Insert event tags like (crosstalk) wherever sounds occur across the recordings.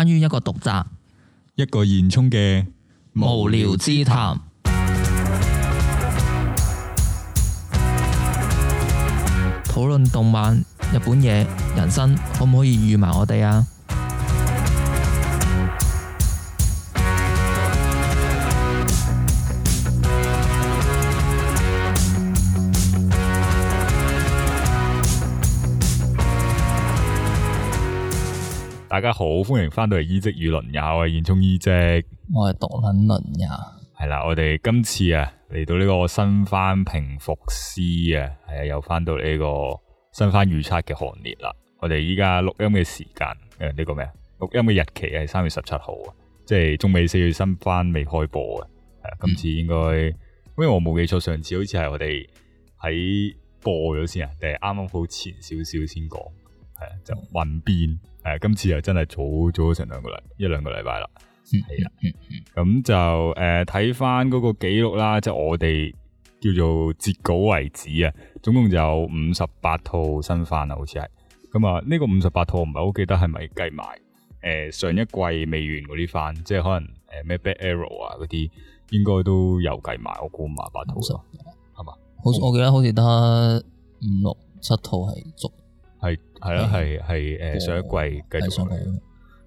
關於一個毒宅，一個現充嘅無聊之談，討論 (music) 動漫、日本嘢、人生，可唔可以預埋我哋啊？大家好，歡迎翻到嚟《醫職與論友》。嚴聰醫職，我係獨論論友。係啦，我哋今次啊嚟到呢個新番評伏師啊，係又翻到呢個新番預測嘅行列啦。我哋依家錄音嘅時間誒，呢、這個咩啊？錄音嘅日期係三月十七號啊，即係仲未四月新番未開播啊。係今次應該，嗯、因為我冇記錯，上次好似係我哋喺播咗先啊，定係啱啱好前少少先講係啊，就混變。誒，今次又真係早咗成兩個禮，一兩個禮拜啦。係啦、啊，咁就誒，睇翻嗰個記錄啦，即係我哋叫做截稿為止啊，總共就有五十八套新番啊，好似係。咁啊，呢個五十八套唔係好記得係咪計埋誒上一季未完嗰啲番，即係可能誒咩 Back Arrow 啊嗰啲，應該都有計埋。我估五十八套，係嘛 50. 吧？好，好我記得好似得五六七套係係係啦，係係誒，上一季繼續上嚟咯，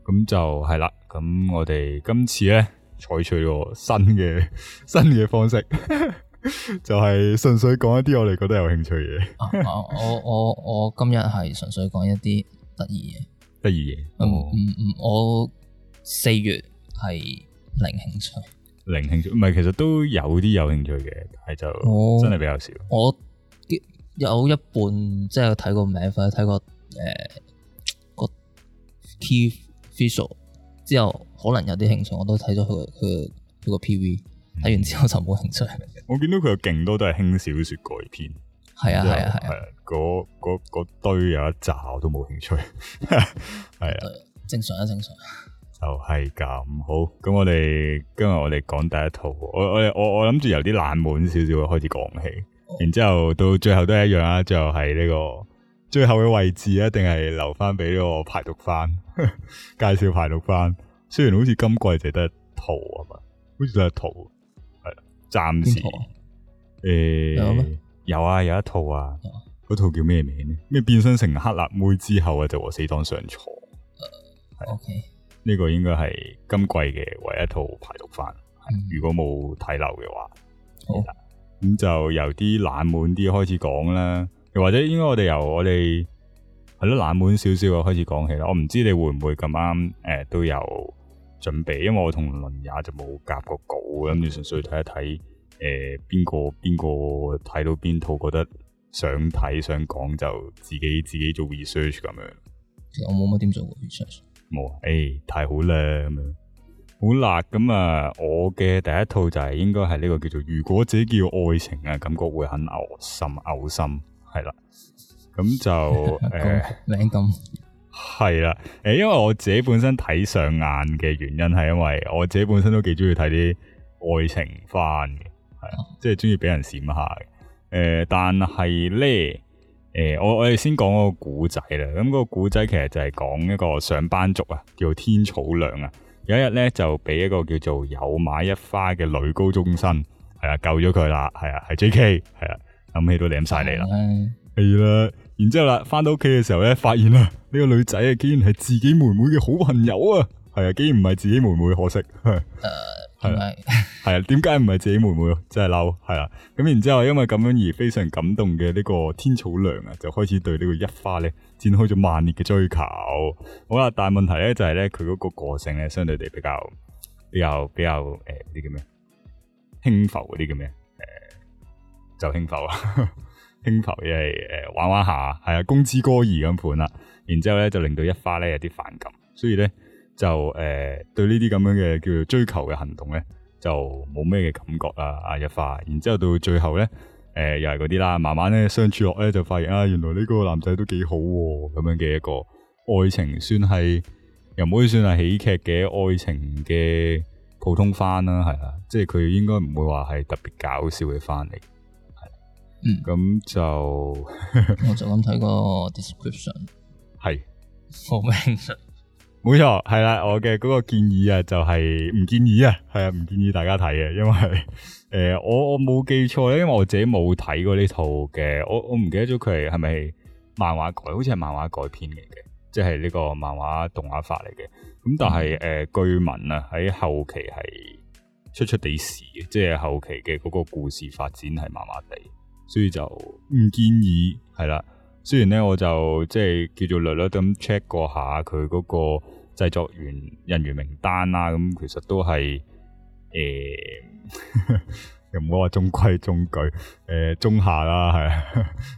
咁就係啦。咁我哋今次咧採取個新嘅新嘅方式， (laughs) 就係純粹講一啲我哋覺得有興趣嘅嘢、 (laughs) 啊。我我我今日係純粹講一啲得意嘢，得意嘢。唔唔、嗯嗯、我四月係零興趣，零興趣，唔係其實都有啲有興趣嘅，但係就真係比較少。我。我有一半即係睇個名，或者睇個誒個 key visual 之後，可能有啲興趣。我都睇咗佢佢個 P V，睇完之後就冇興趣。嗯、 (laughs) 我見到佢有勁多都係輕小說改編，係啊係啊係啊，嗰嗰堆有一集我都冇興趣，係啊正常啊正常。就係咁好，咁我哋今日我哋講第一套，我我我我諗住由啲冷門少少開始講起。然之後到最後都係一樣啦，啊，最後係呢、這個最後嘅位置一定係留翻俾呢個排毒翻介紹排毒翻。雖然好似今季就得一套啊嘛，好似就一套係暫時誒有啊有一套啊，嗰、啊、套叫咩名咧？咩變身成黑辣妹之後啊，就和死黨上床。係 OK，呢個應該係今季嘅唯一,一套排毒翻。嗯、如果冇睇漏嘅話，好。嗯咁就由啲冷門啲開始講啦，又或者應該我哋由我哋係咯冷門少少啊開始講起啦。我唔知你會唔會咁啱誒都有準備，因為我同倫也就冇夾過稿，咁你純粹睇一睇誒邊個邊個睇到邊套覺得想睇想講就自己自己做 research 咁樣。其實我冇乜點做 research。冇、欸，誒太好啦。嗯，咁樣好辣咁啊！我嘅第一套就係、是、應該係呢個叫做如果自己叫愛情啊，感覺會很嘔心嘔心係啦。咁就誒，靚咁係啦。誒， (laughs) 因為我自己本身睇上眼嘅原因係因為我自己本身都幾中意睇啲愛情番嘅，係啊，即係中意俾人閃下嘅。誒、呃，但係咧，誒、呃，我我哋先講個古仔啦。咁個古仔其實就係講一個上班族啊，叫做天草亮啊。有一日咧，就俾一個叫做有馬一花嘅女高中生，係啊救咗佢啦，係啊係 J.K. 係啊，諗、啊啊、起都舐晒你啦，係啦、 (laughs) 啊，然之後啦，翻到屋企嘅時候咧，發現啦呢、這個女仔啊，竟然係自己妹妹嘅好朋友啊，係啊，竟然唔係自己妹妹，可惜。 (laughs) 係係啊，點解唔係自己妹妹？真係嬲，係啊。咁然之後，因為咁樣而非常感動嘅呢個天草娘啊，就開始對呢個一花咧展開咗猛烈嘅追求。好啦，但係問題咧就係咧，佢嗰個個性咧相對地比較比較比較誒，啲叫咩輕浮嗰啲叫咩誒，就輕浮啊， (laughs) 輕浮亦係誒玩玩下，係啊，公子哥兒咁判啦。然之後咧就令到一花咧有啲反感，所以咧。就誒、呃，對呢啲咁樣嘅叫做追求嘅行動咧，就冇咩嘅感覺啊，阿日化，然之後到最後咧，誒、呃、又係嗰啲啦，慢慢咧相處落咧就發現啊，原來呢個男仔都幾好咁、啊、樣嘅一個愛情算，算係又唔可以算係喜劇嘅愛情嘅普通番啦、啊，係啦，即係佢應該唔會話係特別搞笑嘅番嚟，係，嗯，咁那就 (laughs) 我就咁睇個 description，係的，好明。冇錯，係啦，我嘅嗰個建議啊，就係唔建議啊，係啊，唔建議大家睇嘅，因為誒、呃，我我冇記錯咧，因為我自己冇睇過呢套嘅，我我唔記得咗佢係係咪漫畫改，好似係漫畫改編嚟嘅，即係呢個漫畫動畫化嚟嘅，咁但係誒，據聞啊喺後期係出出地屎，即係後期嘅嗰個故事發展係麻麻地，所以就唔建議，係啦。雖然咧，我就即係叫做略略咁 check 過下佢嗰個製作員人員名單啦、啊，咁、嗯、其實都係誒，又唔好話中規中矩，誒、欸、中下啦，係啊，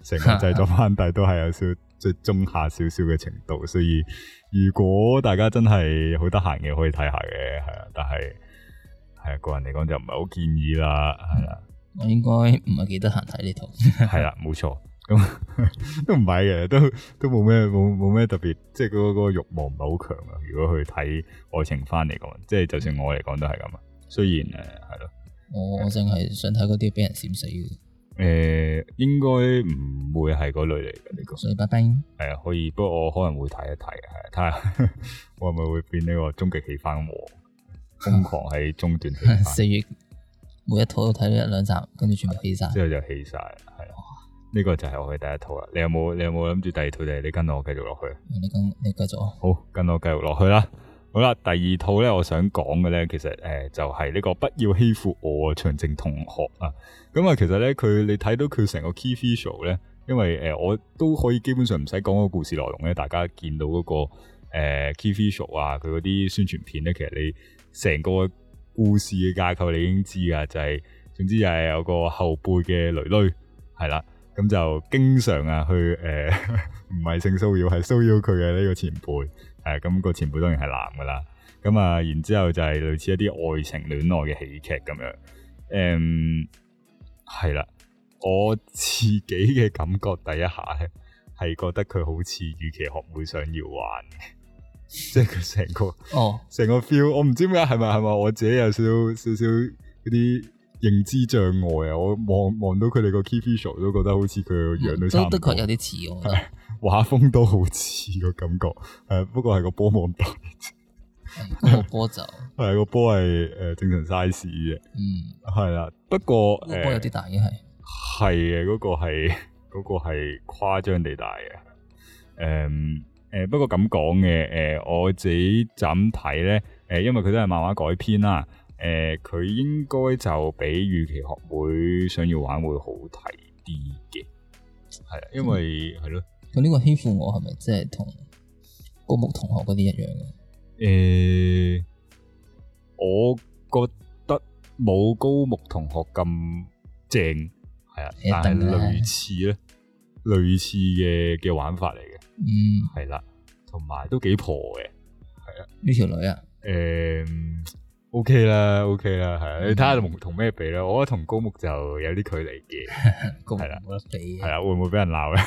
成個製作班底都係有少即係 (laughs) 中下少少嘅程度，所以如果大家真係好得閒嘅，可以睇下嘅，係啊，但係，係啊，個人嚟講就唔係好建議啦，係啊，我應該唔係幾得閒睇呢套，係 (laughs) 啦，冇錯。 (laughs) 都唔係嘅，都都冇咩，冇冇咩特別，即係嗰個欲望唔係好強啊。如果去睇愛情番嚟講，即係就算我嚟講都係咁啊。雖然誒，係、呃、咯，我淨係想睇嗰啲俾人閃死嘅。誒、呃，應該唔會係嗰類嚟嘅呢個。所以，拜拜。係啊、欸，可以。不過我可能會睇一睇，係睇下 (laughs) 我係咪會變呢個終極起番王？瘋狂喺中段。四 (laughs) 月每一套都睇咗一兩集，跟住全部起晒、啊，之後就起晒。呢個就係我嘅第一套啦，你有冇你有冇諗住第二套定係你跟我繼續落去？你跟你繼續啊！好，跟我繼續落去啦。好啦，第二套咧，我想講嘅咧，其實誒、呃、就係、是、呢、這個不要欺負我長瀞同學啊。咁、嗯、啊，其實咧佢你睇到佢成個 key visual 咧，因為誒、呃、我都可以基本上唔使講個故事內容咧，大家見到嗰、那個誒、呃、key visual 啊，佢嗰啲宣傳片咧，其實你成個故事嘅架構你已經知㗎，就係、是、總之就係有個後輩嘅囡囡。係啦。咁就經常啊，去、呃、誒，唔係性騷擾，係騷擾佢嘅呢個前輩。誒、嗯，咁個前輩當然係男噶啦。咁、嗯、啊，然之後就係類似一啲愛情戀愛嘅喜劇咁樣。誒、嗯，係啦，我自己嘅感覺第一下咧，係覺得佢好似與其學妹想要玩，即係佢成個哦，成個 feel，我唔知點解，係咪係咪我自己有少少少啲？認知障礙啊！我望望到佢哋個 key visual 都覺得好似佢個樣都差唔多，真、嗯、的確有啲似啊！畫風都好似個感覺，誒，不過係個波望大，嗯，那個波就係、那個波係誒正常 size 嘅，嗯、係、呃、啦。不過誒，波有啲大嘅係係嘅，嗰個係嗰個係誇張地大嘅，誒誒，不過咁講嘅，誒，我自己怎睇咧？誒、呃，因為佢都係漫畫改編啦。誒，佢、呃、應該就比預期學妹想要玩會好睇啲嘅，係啊、嗯，因為係咯，咁呢個欺負我係咪即係同高木同學嗰啲一樣嘅？誒、呃，我覺得冇高木同學咁正，係啊，但係類似咧，類似嘅嘅玩法嚟嘅，嗯，係啦，同埋都幾婆嘅，係啊，呢條女啊，誒、呃。O K 啦，O K 啦，係啊、okay，okay yeah. mm hmm. 你睇下同同咩比啦。我覺得同高木就有啲距離嘅，係啦，冇得比，係啊，會唔會俾人鬧咧？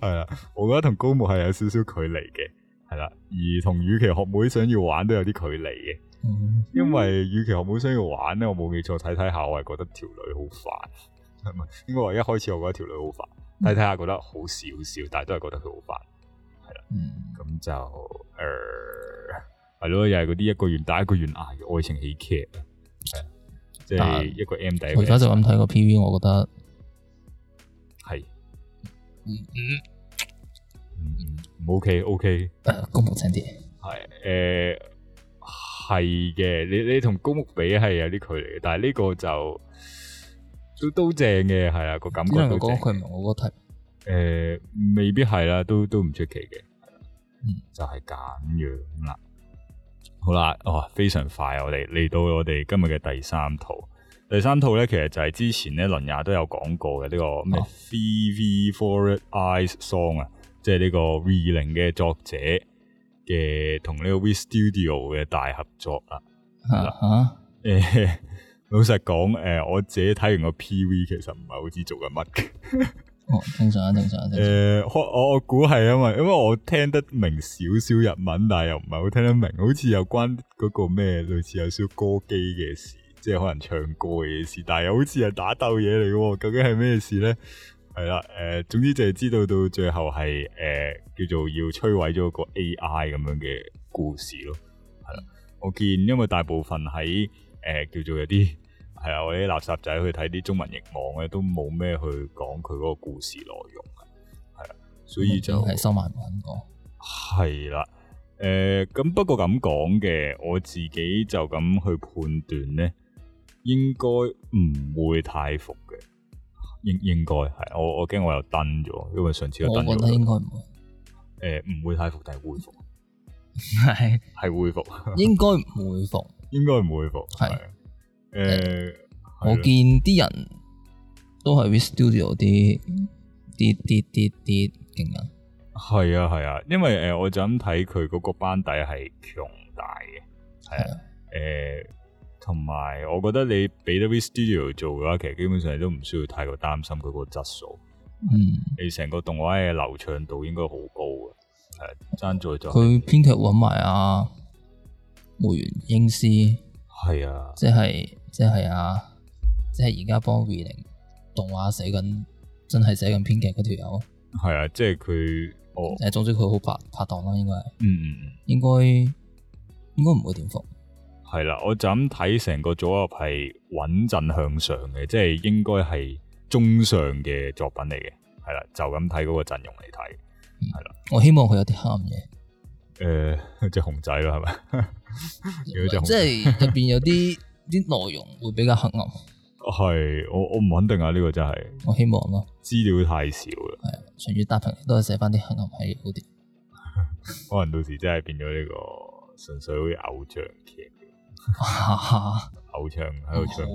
係 (laughs) 啊，我覺得同高木係有少少距離嘅，係啦，而同與其學妹想要玩都有啲距離嘅，mm hmm. 因為與其學妹想要玩咧，我冇記錯睇睇下，看看我係覺得條女好煩，係咪？因為我一開始我覺得條女好煩，睇睇下覺得好少少，但係都係覺得佢好煩，係啦，咁、mm hmm. 就誒。呃係咯，又係嗰啲一個願打一個願挨嘅愛情喜劇啊。係即係一個 M 底。我而家就咁睇個 P V，我覺得係是嗯嗯嗯，OK OK。高木正啲，廳係誒係嘅。你你同高木比係、呃、有啲距離嘅，但係呢個就都都正嘅，係啦個感覺都正。佢唔係我嗰 type 誒，未必係啦，都都唔出奇嘅。嗯，就係咁樣啦。好啦，哇、哦，非常快，我哋嚟到我哋今日嘅第三套，第三套咧，其實就係之前咧，倫也都有講過嘅呢、這個咩、oh.《Vivy Fluorite Eye's Song》啊，即係呢個 V 零嘅作者嘅同呢個 V Studio 嘅大合作啊。吓，uh huh。誒，老實講，誒，我自己睇完個 P V，其實唔係好知做緊乜嘅。 (laughs) 正常啊，正常啊。誒、呃，我我估係因為因為我聽得明少少日文，但係又唔係好聽得明，好似有關嗰個咩類似有少少歌姬嘅事，即係可能唱歌嘅事，但係又好似係打鬥嘢嚟嘅，究竟係咩事咧？係啦，誒、呃，總之就係知道到最後係誒、呃、叫做要摧毀咗個 AI 咁樣嘅故事咯。係啦，我見因為大部分喺誒、呃、叫做有啲。係啊，我啲垃圾仔去睇啲中文譯網嘅都冇咩去講佢嗰個故事內容啊，係啊，所以就收埋搵過。係啦，誒，咁不過咁講嘅，我自己就咁去判斷咧，應該唔會太伏嘅，應應該係。我我驚我又登咗，因為上次我我覺得應該唔誒唔會太伏，但係會伏，係係會伏，應該唔會伏，應該唔會伏，係。誒，欸、我見啲人都係 Wit Studio 啲啲啲啲啲勁啊，係啊，係啊，因為誒，我就咁睇佢嗰個班底係強大嘅，係啊，誒、啊，同埋、欸、我覺得你畀咗 Wit Studio 做嘅話，其實基本上你都唔需要太過擔心佢個質素，嗯，你成個動畫嘅流暢度應該好高嘅，係、啊，爭在就是，佢編劇揾埋阿梅原英司。係啊，啊，即係即係啊，即係而家幫 V 零動畫寫緊，真係寫緊編劇嗰條友。係啊，即係佢哦。誒，總之佢好拍拍檔啦，應該係，嗯嗯，應該應該唔會顛覆。係啦，我就咁睇成個組合係穩陣向上嘅，即係應該係中上嘅作品嚟嘅。係啦、啊，就咁睇嗰個陣容嚟睇，係啦、嗯。啊、我希望佢有啲黑暗嘢。誒，隻、呃、熊仔啦，係咪？ (laughs) 隻仔即係入邊有啲啲內容會比較黑暗。係，我我唔肯定啊，呢、這個真係。我希望咯，資料太少啦，係，隨住搭配都係寫翻啲黑暗係好啲。 (laughs) 可能到時真係變咗呢個純粹好似偶像劇， (laughs) (laughs) 偶像喺度唱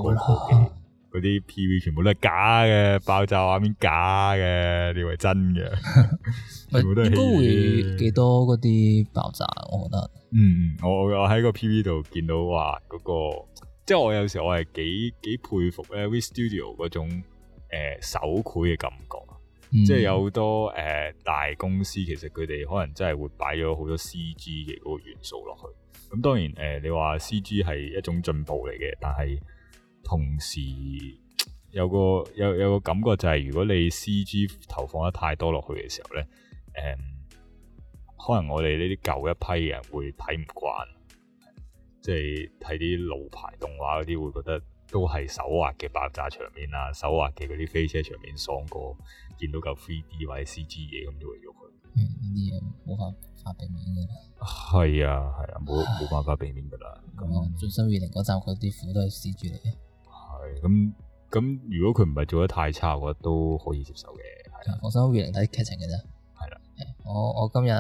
歌 (laughs) 嗰啲 P V 全部都係假嘅，爆炸畫面假嘅，你以為真嘅，都 (laughs) 會幾多嗰啲爆炸？我覺得，嗯，我喺個 P V 度見到話嗰、那個，即係我有時我係幾幾佩服 Wit Studio 嗰種誒、呃、手繪嘅感覺，嗯、即係有好多誒、呃、大公司其實佢哋可能真係會擺咗好多 C G 嘅嗰個元素落去。咁當然，誒、呃，你話 C G 係一種進步嚟嘅，但係。同時有個有有個感覺就係，如果你 C G 投放得太多落去嘅時候咧，誒、嗯，可能我哋呢啲舊一批人會睇唔慣，即係睇啲老牌動畫嗰啲會覺得都係手畫嘅爆炸場面啊，手畫嘅嗰啲飛車場面爽過見到嚿 three D 或者 C G 嘢，咁都會喐佢。呢啲嘢冇辦法避免嘅啦。係啊，係啊，冇冇辦法避免㗎啦。咁最新二零嗰集佢啲苦都係 C G 嚟嘅。咁咁、嗯嗯，如果佢唔係做得太差，我都可以接受嘅。放心，會靈睇劇情嘅啫。係啦的，我我今日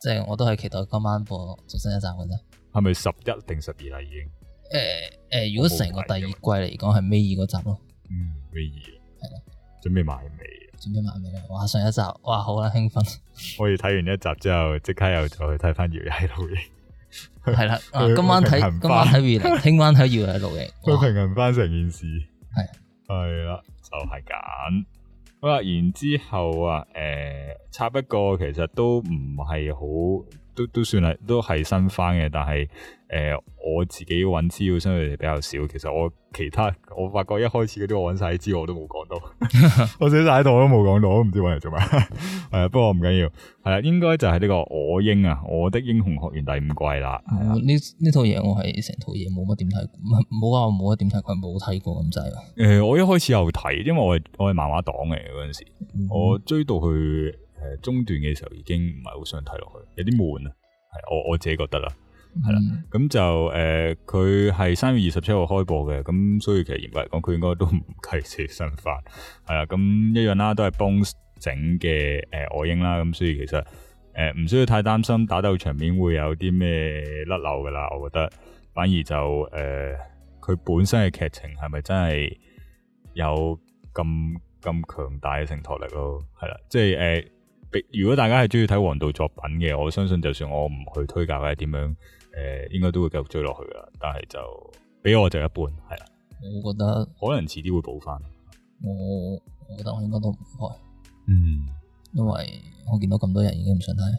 即係我都係期待今晚播最新一集嘅啫。係咪十一定十二啦？已經？誒誒、欸呃，如果成個第二季嚟講，係尾二嗰集咯。嗯，尾二啊，係啦的，準備埋尾啊，準備埋尾啦！哇，上一集哇，好啊，興奮！ (laughs) 我要睇完一集之後，即刻又再去睇翻搖曳露營嘅。係啦、啊，今晚睇，今晚睇 U 零，聽晚睇 U 喺度嘅，再 (laughs) 哇平衡翻成件事。係係啦，就係、是、咁。好啦，然之後啊，誒、呃，插一個其實都唔係好。都都算係都係新番嘅，但係誒、呃，我自己搵資料相對嚟比較少。其實我其他我發覺一開始嗰啲我搵晒啲資料我都冇講到，我寫晒套我都冇講到，我都唔 (laughs) (laughs) 知搵嚟做乜。係 (laughs) 啊，不過唔緊要。係啊，應該就係呢個我英啊，我的英雄學院第五季啦。呢呢套嘢，我係成套嘢冇乜點睇，唔好話冇乜點睇，佢冇睇過咁滯。誒、呃，我一開始有睇，因為我係我係漫畫黨嘅嗰陣時，嗯、我追到去。誒，中段嘅時候已經唔係好想睇落去，有啲悶啊，係我我自己覺得啦，係啦的，咁的就誒，佢係三月二十七號開播嘅，咁所以其實嚴格嚟講，佢應該都唔計係新番，係啦，咁一樣啦，都係 Bones 整嘅誒，外英啦，咁、呃呃、所以其實誒，唔、呃、需要太擔心打鬥場面會有啲咩甩漏噶啦，我覺得，反而就誒，佢、呃、本身嘅劇情係咪真係有咁咁強大嘅承托力咯，係啦，即係誒。呃如果大家係鍾意睇王道作品嘅，我相信就算我唔去推介，係點樣誒、呃，應該都會繼續追落去噶。但係就俾我就一半係啦。我覺得可能遲啲會補翻。我我覺得我應該都唔會。嗯，因為我見到咁多人已經唔想睇，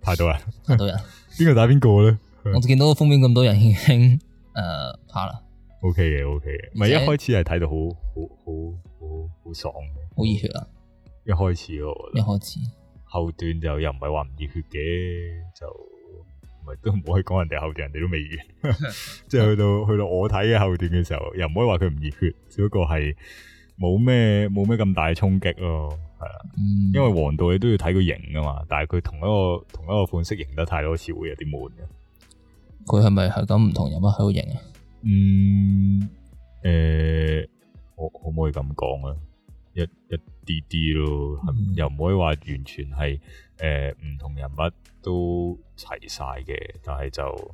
排 (laughs) 到人，排到人，邊個 (laughs) 打邊個咧？ (laughs) 我見到封面咁多人已經誒、呃、怕啦。O K 嘅，O K 嘅，唔、okay、係且一開始係睇到好好好好好爽好熱血啊！好一開始咯，一開始後段就又唔係話唔熱血嘅，就唔係都唔可以講人哋後段，人哋都未完，即係 (laughs) (laughs) 去到去到我睇嘅後段嘅時候，又唔可以話佢唔熱血，只不過係冇咩冇咩咁大嘅衝擊咯，係啦，嗯、因為王道你都要睇佢型㗎嘛，但係佢同一個同一個款式型得太多次會有啲悶嘅。佢係咪係咁唔同有乜喺度型啊？嗯，誒、欸，我可唔可以咁講啊？一一啲啲咯，又唔可以話完全係誒唔同人物都齊晒嘅，但係就誒、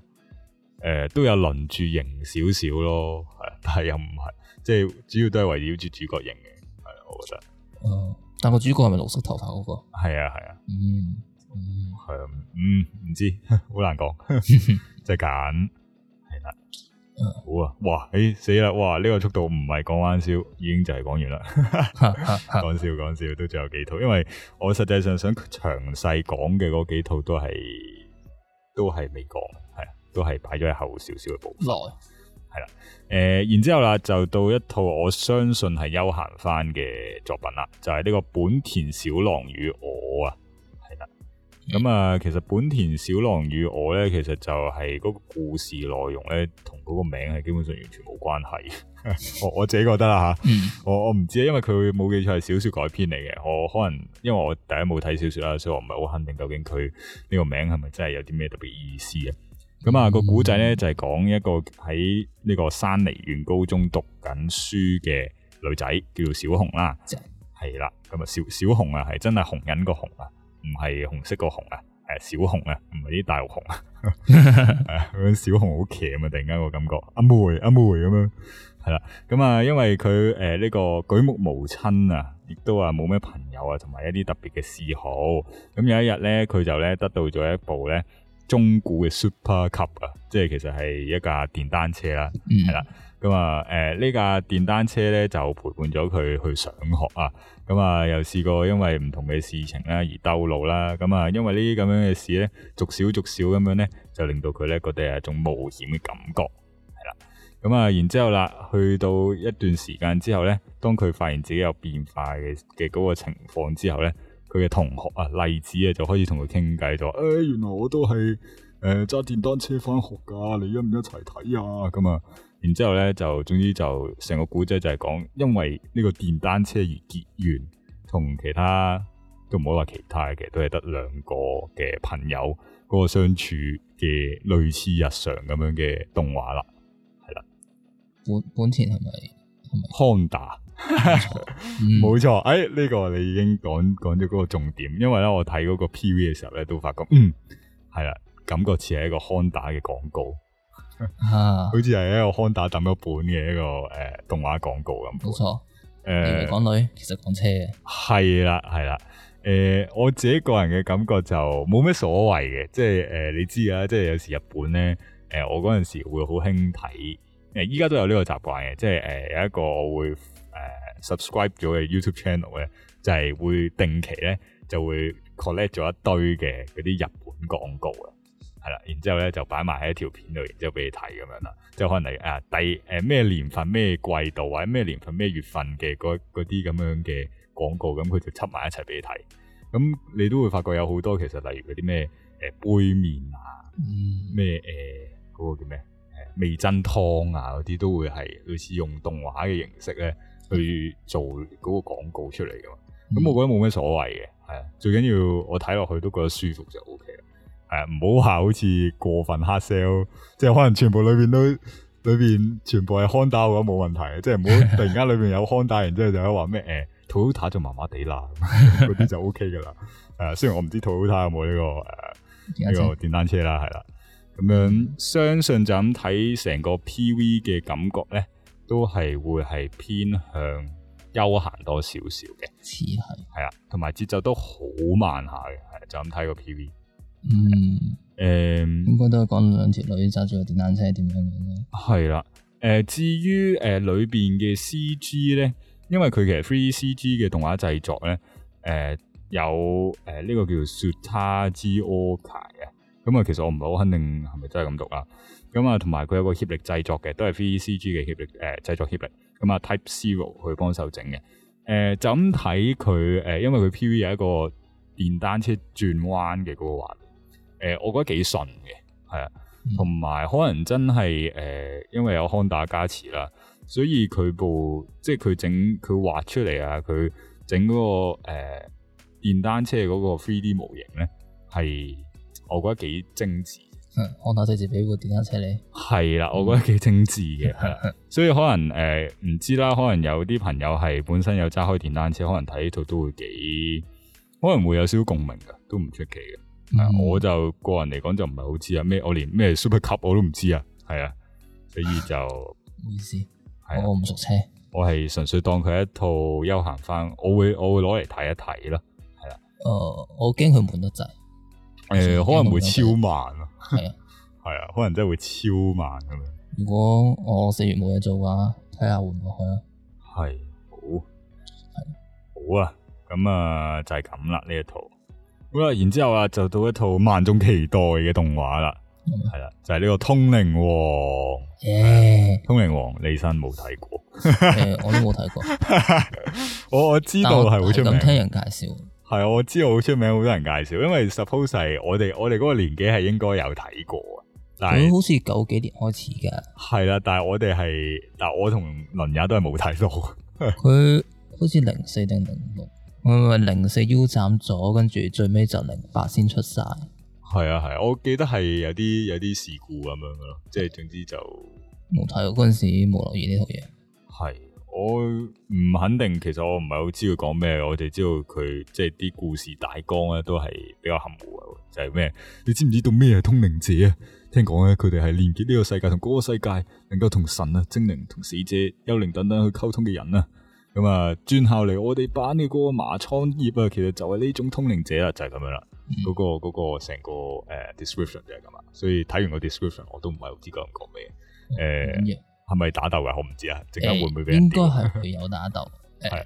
呃、都有輪住型少少咯，係、啊，但係又唔係，即係主要都係圍繞住主角型嘅，係，我覺得。呃、但個主角係咪綠色頭髮嗰、嗰個？係啊，係、那個、啊。嗯嗯係啊，嗯唔、嗯 (laughs) 嗯、知，好 (laughs) 難講說，即係揀係啦。好啊！哇，誒、欸，死啦！哇，呢、這個速度唔係講玩笑，已經就係講完啦。講笑講， (laughs) 笑，笑，都仲有幾套，因為我實際上想詳細講嘅嗰幾套都係都係未講，係啊，都係擺咗喺後少少嘅部分。係啦、哦，誒、啊呃，然之後啦，就到一套我相信係休閒翻嘅作品啦，就係、是、呢個本田小狼與我啊。咁啊，嗯、其實本田小狼與我咧，其實就係嗰個故事內容咧，同嗰個名係基本上完全冇關係。 (laughs) 我我自己覺得啦吓， (laughs) 我我唔知啊，因為佢冇記錯係小說改編嚟嘅。我可能因為我第一冇睇小說啦，所以我唔係好肯定究竟佢呢個名係咪真係有啲咩特別意思啊？咁啊、嗯、個古仔咧就係、是、講一個喺呢個山梨縣高中讀緊書嘅女仔叫做小紅啦，係啦， (laughs) 咁啊小小紅啊係真係紅人個紅啊！唔係紅色個紅啊，係小紅啊，唔係啲大紅啊。 (laughs) (laughs) (laughs) 小紅好騎啊嘛，突然間個感覺，阿梅阿梅咁樣係啦。咁啊，因為佢誒呢個舉目無親啊，亦都話冇咩朋友啊，同埋一啲特別嘅嗜好。咁有一日咧，佢就咧得到咗一部咧中古嘅 Super Cub 啊，即係其實係一架電單車啦，係啦，嗯。咁啊，誒呢、嗯、架電單車咧就陪伴咗佢去上學啊。咁啊，又試過因為唔同嘅事情啦而兜路啦。咁啊，因為這這呢啲咁樣嘅事咧，逐少逐少咁樣咧，就令到佢咧覺得係一種冒險嘅感覺，係啦。咁啊，然之後啦，去到一段時間之後咧，當佢發現自己有變化嘅嘅嗰個情況之後咧，佢嘅同學啊，例子啊，就開始同佢傾偈咗。誒、哎，原來我都係誒揸電單車翻學㗎，你要要一唔一齊睇啊？咁啊～然之後咧，就總之就成個古仔就係講，因為呢個電單車而結緣，同其他都唔好話其他，嘅，都係得兩個嘅朋友嗰、那個相處嘅類似日常咁樣嘅動畫啦，係啦。本本田係咪？係咪？Honda，冇錯，哎，呢、這個你已經講講咗嗰個重點，因為咧我睇嗰個 P V 嘅時候咧，都發覺，嗯，係啦，感覺似係一個 Honda 嘅廣告。啊！好似係一個 Honda 抌一本嘅一個誒動畫廣告咁錯，冇錯、呃。誒，講女，其實講車嘅。係啦，係啦。誒、呃，我自己個人嘅感覺就冇咩所謂嘅，即係誒、呃，你知啊，即係有時日本咧，誒、呃，我嗰陣時會好興睇，誒，依家都有呢個習慣嘅，即係誒、呃、有一個會誒 subscribe、呃、咗嘅 YouTube channel 咧，就係、是、會定期咧就會 collect 咗一堆嘅嗰啲日本廣告啊。然之後咧就擺埋喺一條片度，然之後俾你睇咁樣啦。即係可能、啊、第誒第誒咩年份、咩季度或者咩年份、咩月份嘅嗰啲咁樣嘅廣告，咁佢就輯埋一齊俾你睇。咁、嗯、你都會發覺有好多其實例如嗰啲咩誒杯麵啊，咩誒嗰個叫咩誒味噌湯啊嗰啲都會係類似用動畫嘅形式咧去做嗰個廣告出嚟㗎。咁、嗯嗯、我覺得冇咩所謂嘅，係啊，最緊要我睇落去都覺得舒服就 O、OK, 誒，唔，啊、好下好似過分 hard sell，即係可能全部裏邊都裏邊全部係 Honda 嘅，冇問題。即係唔好突然間裏邊有 Honda，然之後就喺話咩誒，Toyota 就麻麻地啦，嗰 (laughs) 啲就 OK 噶啦。誒、啊，雖然我唔知 Toyota 有冇呢、這個誒呢、呃、個電單車啦，係啦，咁樣相信就咁睇成個 PV 嘅感覺咧，都係會係偏向休閒多少少嘅，似係係啊，同埋節奏都好慢下嘅，就咁睇個 PV。嗯，誒，應該都係講兩條女揸住個電單車點樣樣嘅，係啦、嗯，誒、嗯呃，至於誒裏邊嘅 CG 咧，因為佢其實 free CG 嘅動畫製作咧，誒、呃，有誒呢、呃這個叫做說叉之 Orca 嘅，咁啊，其實我唔係好肯定係咪真係咁讀啊，咁、呃、啊，同埋佢有個協力製作嘅，都係 free CG 嘅協力誒製作協力，咁啊 type zero 去幫手整嘅，誒，就咁睇佢誒，因為佢 PV 有一個電單車轉彎嘅個畫。誒，我覺得幾順嘅，係啊、嗯，同埋可能真係誒，因為有康達加持啦，所以佢部即係佢整佢畫出嚟啊，佢整嗰個誒電單車嗰個 3D 模型咧，係我覺得幾精緻。康達直接俾部電單車你？係啦，我覺得幾精緻嘅，所以可能誒唔、呃、知啦，可能有啲朋友係本身有揸開電單車，可能睇呢套都會幾，可能會有少少共鳴噶，都唔出奇嘅。嗯、我就個人嚟講就唔係好知，知啊，咩我連咩 Super Cup 我都唔知啊，係啊，所以就，唔好意思，啊、我唔熟車，我係純粹當佢一套休閒番，我會我會攞嚟睇一睇咯，係啦、啊，誒、呃，我驚佢悶得滯，誒，可能會超慢咯，係啊，係啊， (laughs) 啊，可能真係會超慢噶、啊、嘛，如果我四月冇嘢做嘅話，睇下會唔會去啊？係，好，的好啊，咁啊就係咁啦呢一套。然之後啊，就到一套萬眾期待嘅動畫啦，係啦、嗯，就係、是、呢個《通靈王》耶。通靈王，李生冇睇過？誒， (laughs) 我都冇睇過。 (laughs) (laughs) 我我知道係好出名，聽人介紹。係啊，我知道好出名，好多人介紹。因為 suppose 我哋我哋嗰個年紀係應該有睇過啊。佢好似九幾年開始嘅，係啦，但係我哋係，但我同林雅都係冇睇到。佢 (laughs) 好似零四定零六。我咪零四 U 斬咗，跟住最尾就零八先出晒。係啊係、啊，我記得係有啲有啲事故咁樣噶咯，即、就、係、是、總之就冇睇過嗰陣時冇留意呢套嘢。係、啊、我唔肯定，其實我唔係好知佢講咩，我哋知道佢即係啲故事大綱咧、啊，都係比較含糊啊。就係、是、咩？你知唔知道咩係通靈者啊？聽講咧，佢哋係連結呢個世界同嗰個世界，能夠同神啊、精靈、同死者、幽靈等等去溝通嘅人啊。咁啊，轉後嚟，我哋版嘅嗰個麻倉葉啊，其實就係呢種通靈者啦，就係、是、咁樣啦。嗰、嗯那個、那個成個誒、呃、description 就係咁啊。所以睇完個 description，我都唔係好知個人講咩嘢。誒、呃，係咪、嗯嗯、打鬥啊？我唔知啊。陣間會唔會俾、欸、應該係會有打鬥。係，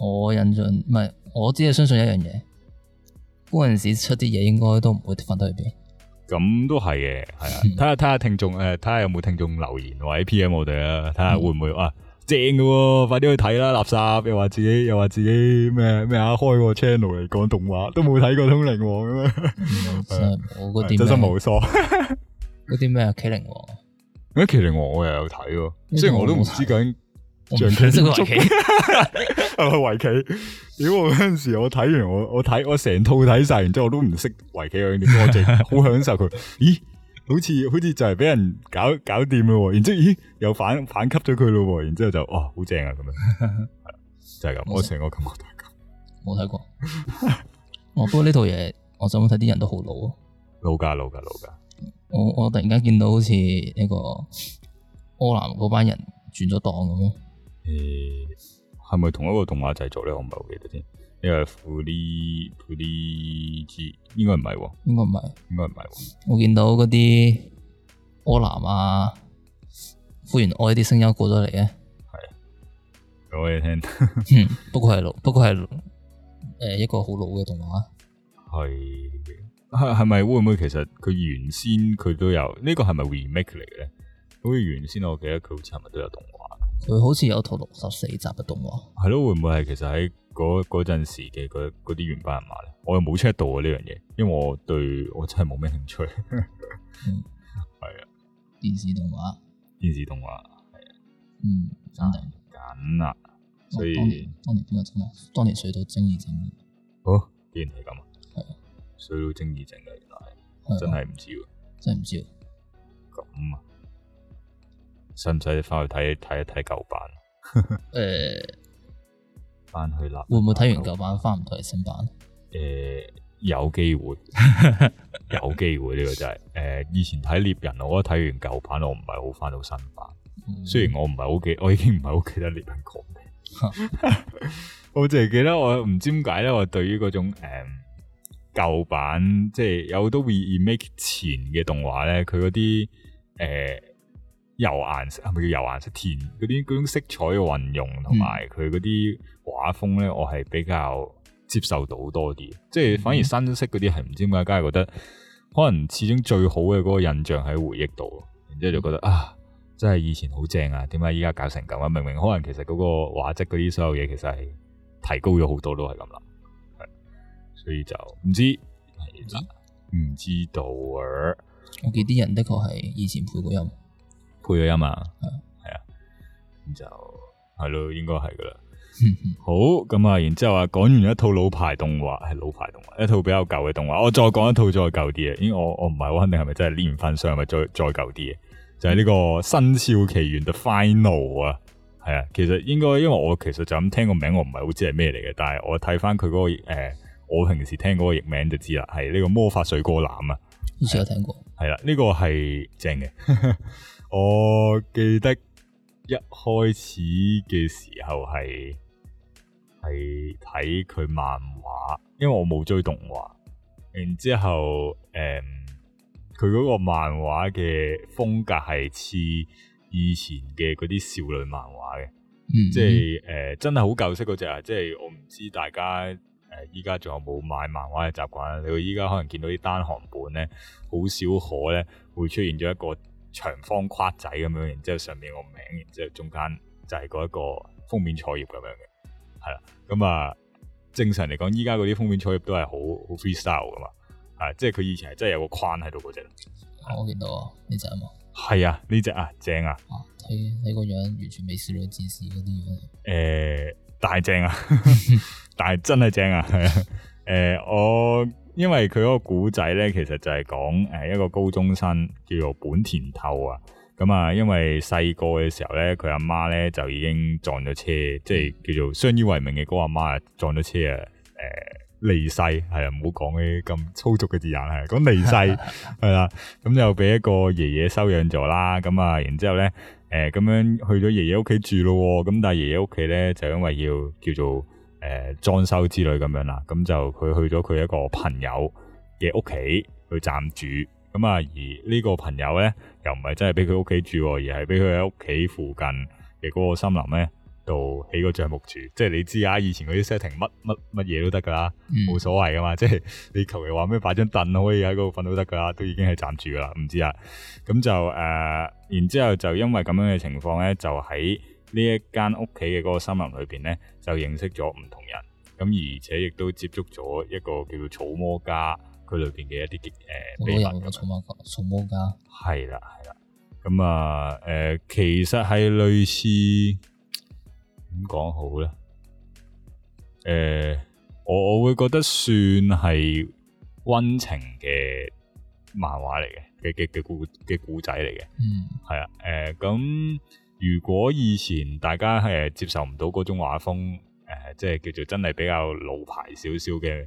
我印象唔係，我只係相信一樣嘢，嗰陣時出啲嘢應該都唔會瞓到去邊。咁都係嘅，係、嗯、啊。睇下睇下聽眾誒、睇、呃、下有冇聽眾留言或者 PM 我哋、嗯、啊，睇下會唔會啊。正嘅喎、哦，快啲去睇啦！垃圾又話自己又話自己咩咩啊，開個 channel 嚟講動畫，都冇睇過通靈《通靈王》咁樣！我嗰啲真心冇錯嗰啲咩《麒麟王》？咩《麒麟王》我又有睇喎，雖然我，我都唔知緊象棋、捉 (laughs) 棋，係咪圍棋？屌！ (laughs) 嗰陣時我睇完我我睇我成套睇晒，然之後我都唔識圍棋嗰啲， (laughs) 我就好享受佢。咦！好似好似就係俾人搞搞掂咯，然之後咦又反反畀咗佢咯，然之後就哦，好正啊咁樣， (laughs) 就係咁， (laughs) 我成個感覺冇睇過。 (laughs) 哦，不過呢套嘢，我想睇啲人都好老啊，老噶老噶老噶。我我突然間見到好似呢、這個柯南嗰班人轉咗檔咁。誒、欸，係咪同一個動畫製作咧？我唔係好記得添。因為負啲負啲字應該唔係喎，應該唔係，應該唔係。我見到嗰啲柯南啊、灰原、嗯、哀啲聲音過咗嚟嘅，係可以聽、嗯 (laughs) 不。不過係老，不過係誒一個好老嘅動畫。係係咪會唔會其實佢原先佢都有呢、這個係咪 remake 嚟嘅？好似原先我記，佢好似係咪都有動畫？佢好似有套六十四集嘅動畫。係咯，會唔會係其實喺？嗰嗰陣時嘅嗰啲原班人馬咧，我又冇 check 到呢樣嘢，因為我對我真係冇咩興趣。係 (laughs) 啊、嗯，的電視動畫，電視動畫，係、嗯、啊，嗯，咁啊，所以當年當年邊個整啊？當年水島精二整啊？哦，竟然係咁啊！係啊的，水島精二的真係真係唔知喎，真唔知，咁啊，使唔使翻去睇睇一睇舊版？誒、 (laughs) 欸。翻去啦？會唔會睇完舊版翻唔到嚟新版？誒、啊，有機會， (laughs) 有機會呢、這個就係、是、誒、啊。以前睇獵人，我睇完舊版，我唔係好翻到新版。嗯、雖然我唔係好記，我已經唔係好記得獵人講咩。 (laughs) (laughs) (laughs) 我淨係記得我唔知點解咧。我對於嗰種誒、uh, 舊版，即、就、係、是、有好多 remake 前嘅動畫咧，佢嗰啲誒。啊油顏色係咪叫油顏色？填嗰啲嗰種色彩嘅運用，同埋佢嗰啲畫風咧，我係比較接受到多啲。嗯、即係反而新式嗰啲係唔知點解，梗係覺得可能始終最好嘅嗰個印象喺回憶度，然之後就覺得、嗯、啊，真係以前好正啊！點解依家搞成咁啊？明明可能其實嗰個畫質嗰啲所有嘢，其實係提高咗好多都，都係咁諗。所以就唔知，唔知道啊！我見啲人的確係以前配過音。配咗音啊，係啊，咁、啊、就係咯，應該係噶啦。 (laughs) 好，咁啊，然之後啊，講完一套老牌動畫，係老牌動畫，一套比較舊嘅動畫。我再講一套再舊啲嘅，因為我我唔係好肯定係咪真係年份上係咪再再舊啲嘅，就係、是、呢個新少《新笑奇緣》嘅《Final》啊。係啊，啊，其實應該因為我其實就咁聽個名，我唔係好知係咩嚟嘅。但係我睇翻佢嗰個誒、呃，我平時聽嗰個譯名就知啦，係呢個魔法水果籃意思 啊。以前有聽過。係啦、啊，呢個係正嘅。我記得一開始嘅時候係係睇佢漫畫，因為我冇追動畫。然之後，誒、嗯，佢嗰個漫畫嘅風格係似以前嘅嗰啲少女漫畫嘅，嗯嗯呃，即係誒真係好舊式嗰隻啊！即係我唔知大家誒依家仲有冇買漫畫嘅習慣啦。你會依家可能見到啲單行本咧，好少可咧會出現咗一個。長方框仔咁樣，然之後上面個名，然之後中間就係嗰一個封面彩頁咁樣嘅，係啦。咁、嗯、啊，正常嚟講，依家嗰啲封面彩頁都係好好 freestyle 噶嘛，啊，即係佢以前係真係有個框喺度嗰隻。我見到啊，呢隻啊，嘛，係啊，呢隻啊，正啊，睇睇、啊、個樣，完全未試過芝士嗰啲樣。誒、呃，大正啊，但係 (laughs) (laughs) 真係正啊，啊，誒、呃，我。因為佢嗰個古仔咧，其實就係講誒一個高中生叫做本田透啊，咁啊，因為細個嘅時候咧，佢阿媽咧就已經撞咗車，即係叫做相依為命嘅嗰阿媽啊撞咗車啊，誒、呃、離世，係啊，唔好講呢啲咁粗俗嘅字眼，係咁離世，係啦， (laughs) 咁就俾一個爺爺收養咗啦，咁啊，然之後咧，誒、呃、咁樣去咗爺爺屋企住咯，咁但係爺爺屋企咧就因為要叫做。誒，裝修之類咁樣啦，咁就佢去咗佢一個朋友嘅屋企去暫住，咁啊，而呢個朋友咧又唔係真係俾佢屋企住，而係俾佢喺屋企附近嘅嗰個森林咧度起個帳幕住，即係你知啊，以前嗰啲 setting 乜乜乜嘢都得噶啦，冇、嗯、所謂噶嘛，即係你求其話咩擺張凳可以喺嗰度瞓都得噶啦，都已經係暫住噶啦，唔知啊，咁就誒、呃，然之後就因為咁樣嘅情況咧，就喺。呢一間屋企嘅嗰個森林裏邊咧，就認識咗唔同人，咁而且亦都接觸咗一個叫做草魔家、呃呃、家，佢裏邊嘅一啲嘅誒，冇人嘅草魔家，草魔家係啦係啦，咁啊誒，其實係類似點講好咧？誒、呃，我我會覺得算係溫情嘅漫畫嚟嘅，嘅嘅嘅故嘅故仔嚟嘅，嗯，係啊，誒、呃、咁。如果以前大家誒接受唔到嗰種畫風，呃、即係叫做真係比較老牌少少嘅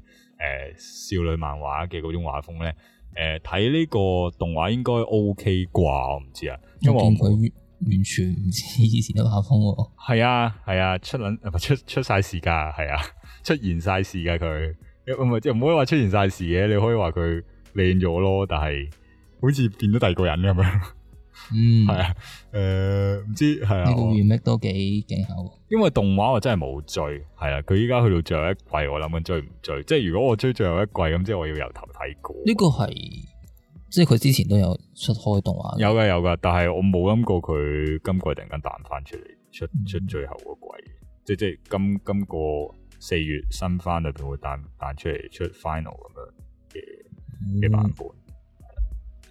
誒少女漫畫嘅嗰種畫風咧，誒睇呢個動畫應該 O K 啩？我唔知我啊，因為佢完全唔似以前嘅畫風喎。係啊，係啊，啊，出撚出出曬事㗎，係啊，出現晒事㗎佢，唔係即係唔可以話出現晒事嘅，你可以話佢靚咗咯，但係好似見到第二個人咁樣。嗯，係啊，誒、呃，唔知係啊，呢部原麥都幾幾好。因為動畫我真係冇追，係啊，佢依家去到最後一季，我諗緊追唔追？即係如果我追最後一季，咁即係我要由頭睇過。呢個係即係佢之前都有出開動畫有，有噶有噶但係我冇諗過佢今季突然間彈翻出嚟，出出最後嗰季。嗯、即即係今今個四月新番入邊會彈彈出嚟出 final 咁樣嘅嘅、嗯、版本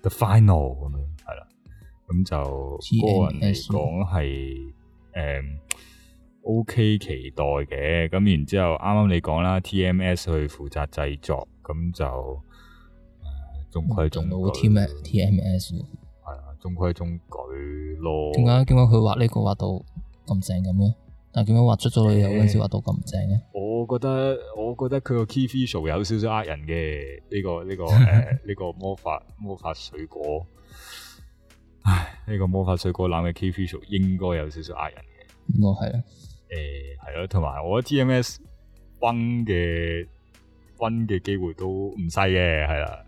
，the final 咁樣。咁就 T MS 個人嚟講係誒 O K 期待嘅，咁然之後啱啱你講啦，T M S 去負責製作，咁就誒、嗯、中規中矩，中規中矩，T M MS S 係啊，中規中矩咯。點解點解佢畫呢個畫到咁正咁嘅？但係點解畫出咗嚟又嗰陣時畫到咁正咧、欸？我覺得我覺得佢個 key visual 有少少、這個這個、呃人嘅呢個呢個誒呢個魔法 (laughs) 魔法水果。唉，呢、這個魔法水果籃嘅 key visual 應該有少少呃人嘅。哦係啊，誒係咯，同埋我 TMS 崩嘅崩嘅機會都唔細嘅，係啦，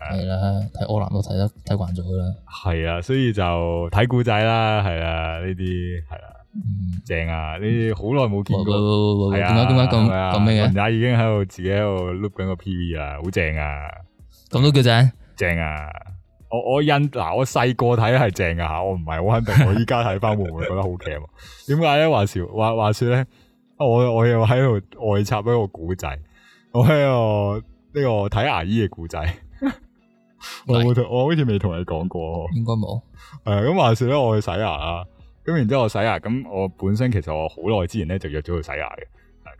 係啦，睇柯南都睇得睇慣咗噶啦，係啊，所以就睇古仔啦，係啦呢啲係啦，嗯、正啊，呢啲好耐冇見過，係啊、嗯，點解點解咁咁咩嘅？人家的已經喺度自己喺度碌緊個 PV 啊，好正啊，咁都叫正，正啊！我我印嗱，我細個睇係正噶吓，我唔係好肯定，我依家睇翻會唔會覺得好勁？點解咧？話時話話說咧，我我要喺度外插一個古仔，我喺個呢個睇牙醫嘅古仔，我我好似未同你講過，應該冇。誒、啊，咁話說咧，我去洗牙啦，咁然之後我洗牙，咁我本身其實我好耐之前咧就約咗去洗牙嘅，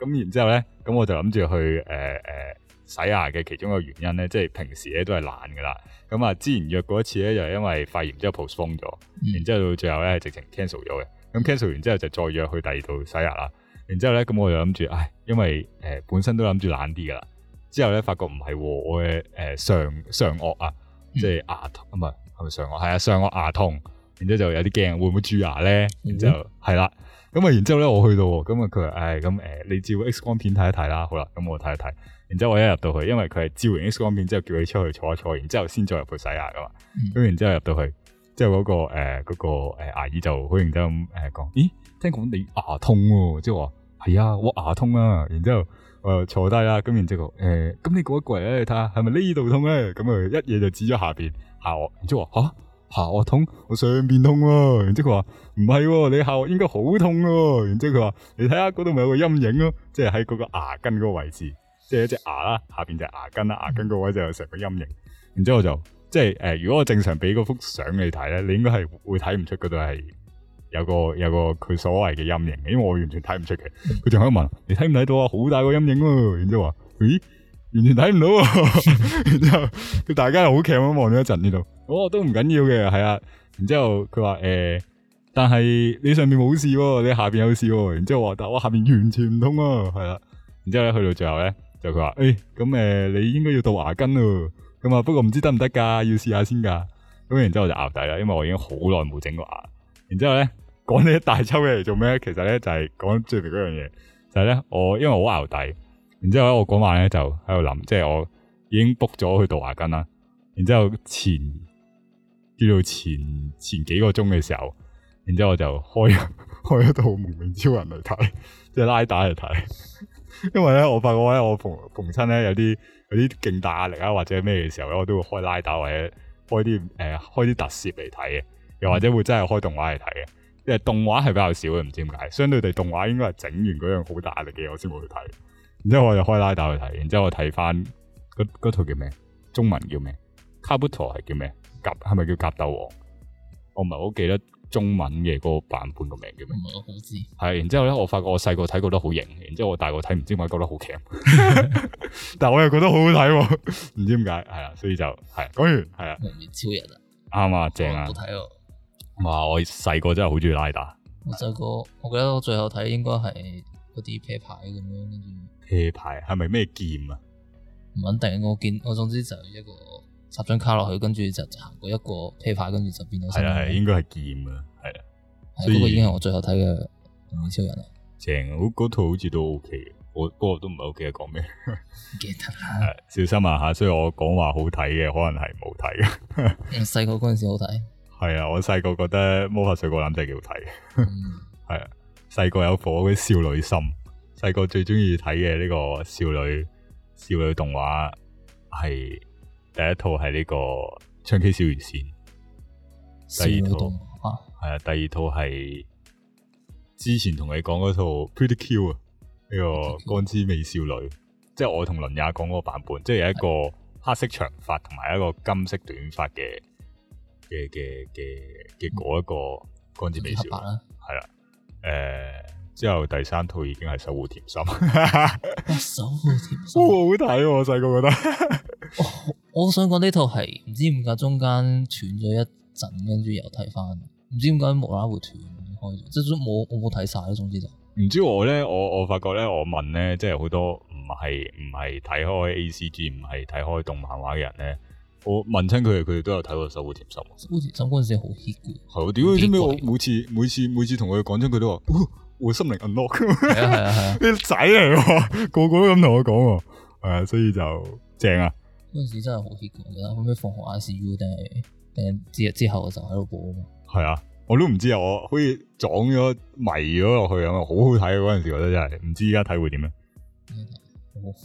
咁然之後咧，咁我就諗住去誒誒。呃呃洗牙嘅其中一個原因咧，即係平時咧都係懶噶啦。咁啊，之前約過一次咧，就係、是、因為肺炎之後 postpone 咗，然之後到最後咧直情 cancel 咗嘅。咁 cancel 完之後就再約去第二度洗牙啦。然之後咧，咁我就諗住，唉、哎，因為誒、呃、本身都諗住懶啲噶啦。之後咧，發覺唔係、哦、我嘅誒、呃、上上顎啊，嗯、即係牙痛，唔係係咪上顎？係啊，上顎牙痛，然之後就有啲驚，會唔會蛀牙咧、嗯？然之後係啦，咁啊，然之後咧我去到，咁、嗯、啊，佢、哎、話，唉、嗯，咁、哎、誒、哎嗯嗯，你照 X 光片睇一睇啦，好啦，咁我睇一睇。嗯然之後我一入到去，因為佢係照完 X 光片之後叫你出去坐一坐，然之後先再入去洗牙噶嘛。咁、嗯、然之後入到去，之後嗰、那個誒、呃那個誒、呃那個呃、牙醫就好認真誒講，咦？聽講你牙痛、啊，即係話係啊，我牙痛啊。然」然之後誒坐低啦，咁、呃、然之後誒，咁你過一過嚟睇下，係咪呢度痛咧？咁啊一嘢就指咗下邊下顎，然之後話吓，下顎痛，我上邊痛喎、啊。然之佢話唔係，你下顎應該好痛喎、啊。然之後佢話你睇下嗰度咪有個陰影咯，即係喺嗰個牙根嗰個位置。即係一隻牙啦，下邊就牙根啦，牙根位個位就有成個陰影。然之後我就即係誒、呃，如果我正常俾嗰幅相你睇咧，你應該係會睇唔出嗰度係有個有個佢所謂嘅陰影嘅，因為我完全睇唔出嘅。佢仲喺度問，你睇唔睇到啊？好大個陰影喎、啊！然之後話咦，完全睇唔到。 (laughs) 然之後佢大家好 cam 咁望咗一陣呢度，哦，都唔緊要嘅，係啊。然之後佢話誒，但係你上面冇事、啊，你下邊有事、啊。然之後話但我下邊完全唔痛啊，係啊。然」然之後咧去到最後咧，就佢話誒，咁、欸、誒、呃，你應該要杜牙根哦，咁啊，不過唔知得唔得噶，要試下先噶。咁然之後我就牙底啦，因為我已經好耐冇整過牙。然之後咧，講呢一大抽嘅嚟做咩？其實咧就係講最明嗰樣嘢，就係、是、咧、就是、我因為好牙底。然之後咧我嗰晚咧就喺度諗，即係我已經 book 咗去杜牙根啦。然之後前叫做前前幾個鐘嘅時，時候，然之後我就開開一套幪面超人嚟睇，即係拉打嚟睇。因為咧，我發覺咧，我逢逢親咧有啲有啲勁大壓力啊，或者咩嘅時候咧，我都會開拉打或者開啲誒、呃、開啲特攝嚟睇嘅，又或者會真係開動畫嚟睇嘅。因為，動畫係比較少嘅，唔知點解。相對地，動畫應該係整完嗰樣好大壓力嘅嘢，我先會去睇。然之後我就開拉打去睇，然之後我睇翻嗰套叫咩？中文叫咩？卡布托係叫咩？甲係咪叫甲鬥王？我唔係好記得。中文嘅嗰個版本個名叫咩？我唔知，係。然之後咧，我發覺我細個睇覺得好型，然之後我大個睇唔知點解覺得好強， (laughs) (laughs) (laughs) 但係我又覺得好好睇，唔 (laughs) 知點解，係啊，所以就係。講完係啊，超人啊，啱啊，正啊，冇睇喎，哇，我細個真係好中意拉打，我細個我覺得我最後睇應該係嗰啲啤牌咁樣，跟住，啤牌係咪咩劍啊？唔穩定，我見我總之就一個。插張卡落去，跟住就行過一個 paper，跟住就變咗。成。係係應該係劍啊，係啦。的所以嗰個已經係我最後睇嘅超人啊，正，我嗰套好似都 OK 嘅。我嗰、嗰個都唔係好記得講咩，唔記得啦。小心啊，下，所以我講話好睇嘅，可能係冇睇。細個嗰陣時好睇。係啊，我細個覺得魔法水果籃真係幾好睇。係 (laughs) 啊、嗯，細個有火嘅少女心，細個最中意睇嘅呢個少女少女動畫係。第一套係呢、這個《唱 K 少女線》，第二套係啊，第二套係之前同你講嗰套 Pretty Q 啊、這個，呢個干支美少女，嗯、即係我同林雅講嗰個版本，即係一個黑色長髮同埋一個金色短髮嘅嘅嘅嘅嘅一個干支美少女，係啦，誒、嗯嗯啊呃、之後第三套已經係守護甜心， (laughs) 啊、守護甜心好好睇，我細個覺得。我想講呢套係唔知點解中間斷咗一陣，跟住又睇翻，唔知點解無啦啦會斷開咗，即係都冇我冇睇晒咯，總之就唔知我咧，我我發覺咧，我問咧，即係好多唔係唔係睇開 ACG，唔係睇開動漫畫嘅人咧，我問親佢哋，佢哋都有睇過《守護甜心》《守護甜心》陣時好 hit 嘅，係我點解？你知唔知？每次每次每次同佢哋講親，佢都話、哦、 (laughs) (laughs) 我心靈 unlock，係啊係啊係啊，啲仔嚟個個都咁同我講，係啊，所以就正啊！嗰陣時真係好 heat 嘅啦，咁樣放學 u, 還是 U 定係定節日之後就喺度播啊嘛。係啊，我都唔知啊，我好似撞咗迷咗落去咁啊，好好睇啊！嗰陣時覺得真係，唔知而家睇會點啊？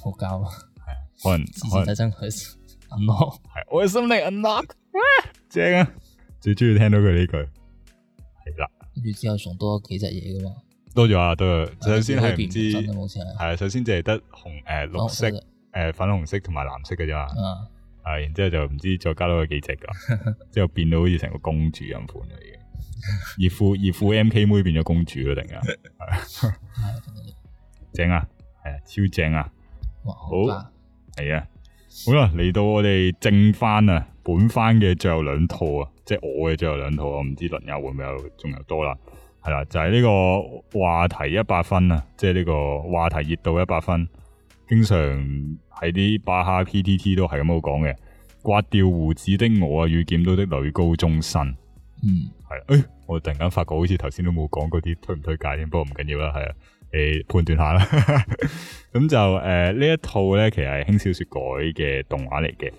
好瞓覺啊。係啊，可能。其實真係我嘅心靈 unlock 正啊，最中意聽到佢呢句。係啦，啊，跟住之後仲多咗幾隻嘢噶嘛。多咗啊，多咗。首先係唔知，係啊，首先就係得紅，誒、呃、綠色。誒、呃，粉紅色同埋藍色嘅啫嘛，係、啊、然之後就唔知再加多幾隻噶，之 (laughs) 後變到好似成個公主咁款啦已經，而副而副 M K 妹變咗公主啊定 (laughs) (laughs) 啊，正啊係啊，超正啊，哇好係辣啊，好啦，嚟到我哋正番啊本番嘅最後兩套啊，即係我嘅最後兩套我唔知輪友會唔會又仲有，有多啦，係啦，就係、是、呢個話題一百分啊，即係呢個話題熱度一百分。經常喺啲巴哈 P.T.T 都係咁樣講嘅，刮掉鬍子的我啊，遇見到啲女高中生，嗯，係，誒、哎，我突然間發覺好似頭先都冇講嗰啲推唔推介添，不過唔緊要啦，係啊，誒、欸，判斷下啦，咁 (laughs) (laughs) 就誒呢、呃、一套咧，其實係輕小說改嘅動畫嚟嘅，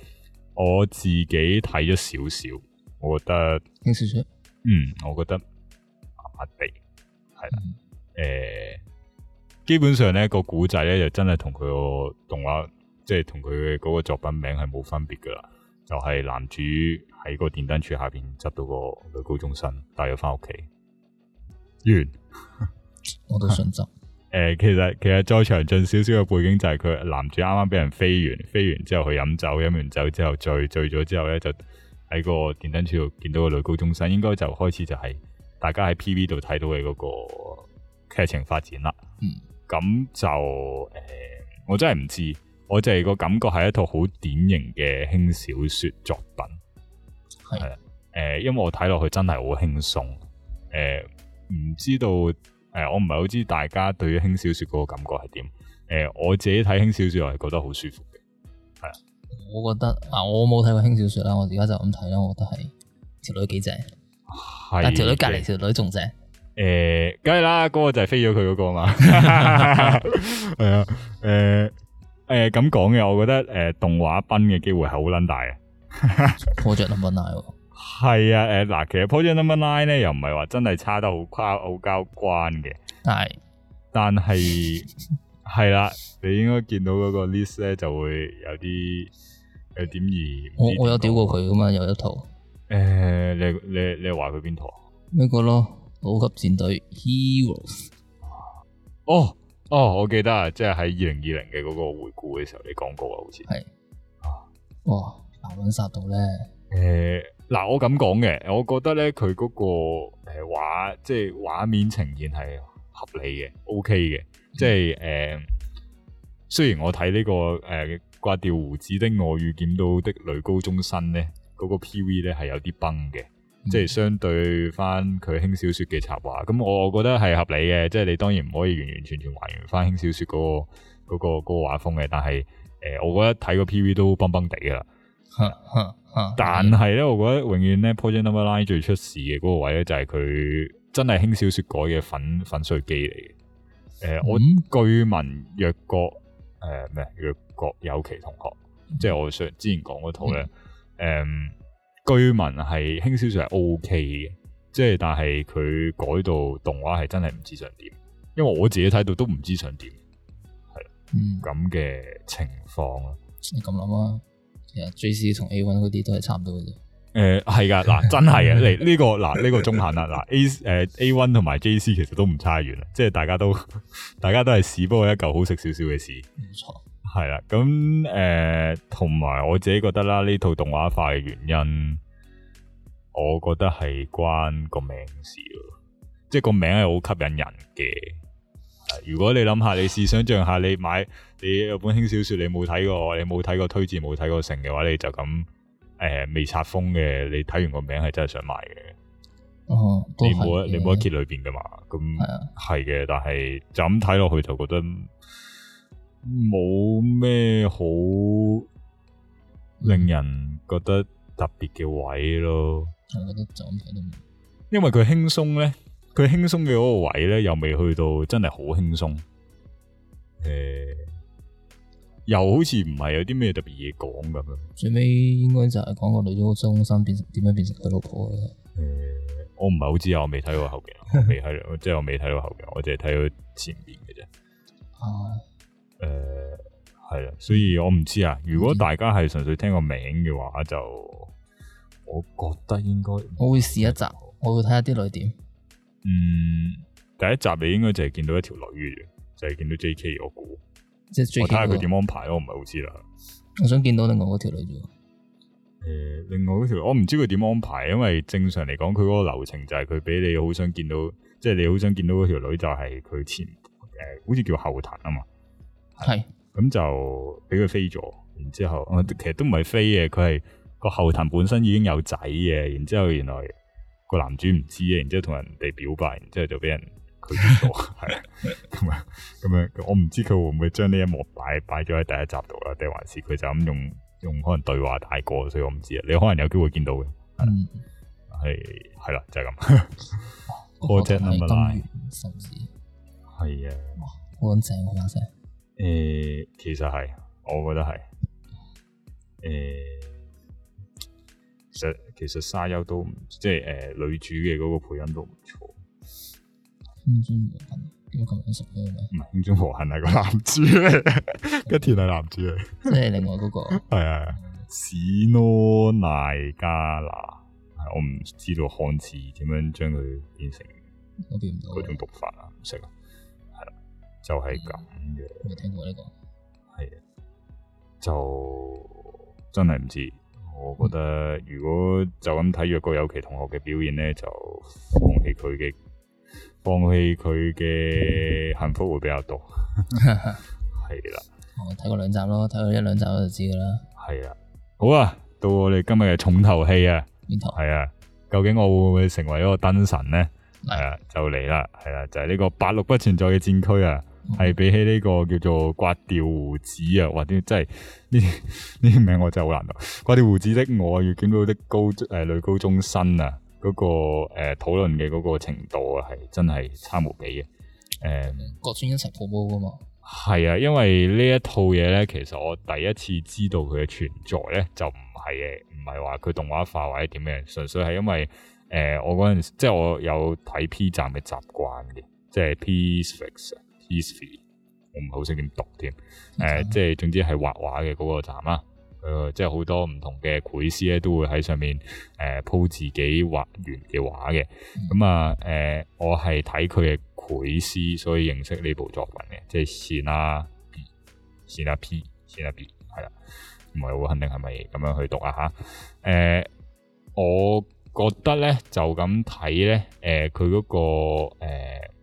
我自己睇咗少少，我覺得輕小說，嗯，我覺得麻麻哋，係啦，誒、嗯。嗯基本上呢、呢個古仔呢，就真係同佢個動畫，即係同佢嗰個作品名係冇分別噶啦，就係、是、男主喺個電燈柱下邊執到個女高中生帶佢翻屋企完，我都想執誒。其實其實再詳盡少少嘅背景就係佢男主啱啱俾人飛完，飛完之後去飲酒，飲完酒之後醉醉咗之後呢，就喺個電燈柱度見到個女高中生，應該就開始就係大家喺 P V 度睇到嘅嗰個劇情發展啦。嗯。咁就誒、呃，我真係唔知，我就係個感覺係一套好典型嘅輕小說作品，係啊、呃，因為我睇落去真係好輕鬆，誒、呃，唔知道誒、呃，我唔係好知大家對於輕小說嗰個感覺係點，誒、呃，我自己睇輕小說我係覺得好舒服嘅，係啊，我覺得嗱，我冇睇過輕小說啦，我而家就咁睇啦，我覺得係條女幾正，啊，條女隔籬條女仲正。誒，梗係啦，嗰、那個就係飛咗佢嗰個嘛， (laughs) (laughs) 係、呃、啊，誒誒咁講嘅，我覺得誒、呃、動畫崩嘅機會係好撚大嘅。Project Number Nine 係啊，誒嗱、呃，其實 Project Number Nine 咧又唔係話真係差得好誇好交關嘅，對但係，但係係啦，你應該見到嗰個 list 咧就會有啲有點二。我我有屌過佢噶嘛，有一套。誒、呃，你你你話佢邊套？呢個咯。超級戰隊 Heroes 哦哦，我記得啊，即係喺二零二零嘅嗰個回顧嘅時候，你講過啊，好似係哦，哇，八蚊到度咧？誒，嗱，我咁講嘅，我覺得咧佢嗰個誒畫，即係畫面呈現係合理嘅，OK 嘅，即係誒、呃，雖然我睇呢、這個誒、呃、刮掉鬍子的我遇見到的女高中生咧，嗰、那個 PV 咧係有啲崩嘅。即係相對翻佢輕小說嘅插畫，咁我我覺得係合理嘅。即係你當然唔可以完完全全還原翻輕小說嗰、那個嗰、那個畫、那個、風嘅，但係誒、呃，我覺得睇個 P V 都崩崩地噶啦。 (laughs) 但係咧，我覺得永遠咧 (noise) ，Project Number Nine 最出事嘅嗰個位咧，就係佢真係輕小說改嘅粉粉碎機嚟嘅。誒、呃，我據聞若角誒咩若角有其同學，即係我上之前講嗰套咧，誒。 (noise) 嗯據聞係輕小說係 O K 嘅，即係、OK、但係佢改到動畫係真係唔知想點，因為我自己睇到都唔知想點，係嗯，咁嘅情況咯。你咁諗啊，其實 J C 同 A one 嗰啲都係差唔多嘅啫。誒、呃，係噶，嗱，真係啊，嚟呢、 (laughs) 這個嗱呢、這個中肯啦，嗱 A 誒、呃、A one 同埋 J C 其實都唔差遠啊，即係大家都大家都係屎，不過一嚿好食少少嘅屎。冇錯。係啦，咁誒，同埋、呃、我自己覺得啦，呢套動畫化嘅原因，我覺得係關個名事咯，即係個名係好吸引人嘅。如果你諗下，你試想象下，你買你有本輕小說，你冇睇過，你冇睇過推薦，冇睇過成嘅話，你就咁誒未拆封嘅，你睇完個名係真係想買嘅、哦。你冇一你冇一揭裏邊噶嘛？咁係，係嘅，但係就咁睇落去，就覺得。冇咩好令人覺得特別嘅位咯，因為佢輕鬆咧，佢輕鬆嘅嗰個位咧又未去到真係好輕鬆，誒、呃，又好似唔係有啲咩特別嘢講咁樣。最尾應該就係講個女優中心變成點樣變成佢老婆嘅。我唔係好知啊，我未睇到後面，未睇， (laughs) 即係我未睇到後面，我淨係睇到前面嘅啫。哦、哎。誒，係啦、呃，所以我唔知啊。如果大家係純粹聽個名嘅話，就我覺得應該，我會試一集，我會睇下啲女點。嗯，第一集你應該就係見到一條女嘅，就係、是、見到 JK。我估，即係 JK，我睇下佢點安排咯，我唔係好知啦。我想見到另外嗰條女。誒、呃，另外嗰條我唔知佢點安排，因為正常嚟講，佢嗰個流程就係佢畀你好想見到，即、就、係、是、你好想見到嗰條女就係佢前誒、呃，好似叫後藤啊嘛。係，咁是就俾佢飛咗，然之後，其實都唔係飛嘅，佢係個後藤本身已經有仔嘅，然之後原來個男主唔知嘅，然之後同人哋表白，然之後就俾人拒絕咗，係咁樣咁樣，我唔知佢會唔會將呢一幕擺擺咗喺第一集度啦，定還是佢就咁用用可能對話太過，所以我唔知啊。你可能有機會見到嘅，係係啦，就係、是、咁。哇，乾淨啊！好哇塞。的誒、呃，其實係，我覺得係，誒、呃，其實其實沙丘都唔，即係誒、呃，女主嘅嗰個配音都唔錯。空中和幸應該識咩嘅？唔係空中和幸係個男主，吉、嗯、 (laughs) 田係男主啊，即另外嗰、嗰個。係啊 (laughs) 的，嗯、史諾奈加拿，我唔知道漢字點樣將佢變成，我變唔到嗰種讀法啊，唔識啊。就係咁嘅。未聽過呢個？係啊，就真係唔知。我覺得如果就咁睇若果有其同學嘅表現咧，就放棄佢嘅，放棄佢嘅幸福會比較多。係啦。我睇過兩集咯，睇過一兩集我就知噶啦。係啦。好啊，到我哋今日嘅重頭戲啊，係啊頭。究竟我會唔會成為一個燈神咧？係啊、哎，就嚟啦，係啦，就係呢個八六不存在嘅戰區啊！係比起呢個叫做刮掉鬍子啊，或者真係呢，呢啲名我真係好難諗。刮掉鬍子的我，與撿到的高誒、呃、女高中生啊，嗰、那個誒、呃、討論嘅嗰個程度啊，係真係差冇幾嘅。誒，國專一齊好抱噶嘛？係啊，因為呢一套嘢咧，其實我第一次知道佢嘅存在咧，就唔係嘅，唔係話佢動畫化或者點樣，純粹係因為誒、呃、我嗰陣時即係我有睇 P 站嘅習慣嘅，即係 P 我唔好識點讀添。誒，即係總之係畫畫嘅嗰個站啦。誒，即係好多唔同嘅繪師咧，都會喺上面誒鋪自己畫完嘅畫嘅。咁啊，誒，我係睇佢嘅繪師，所以認識呢部作品嘅。即係線啊，線啊 P，線啊 B，係啦，唔係好肯定係咪咁樣去讀啊吓？誒，我覺得咧就咁睇咧，誒，佢嗰個誒。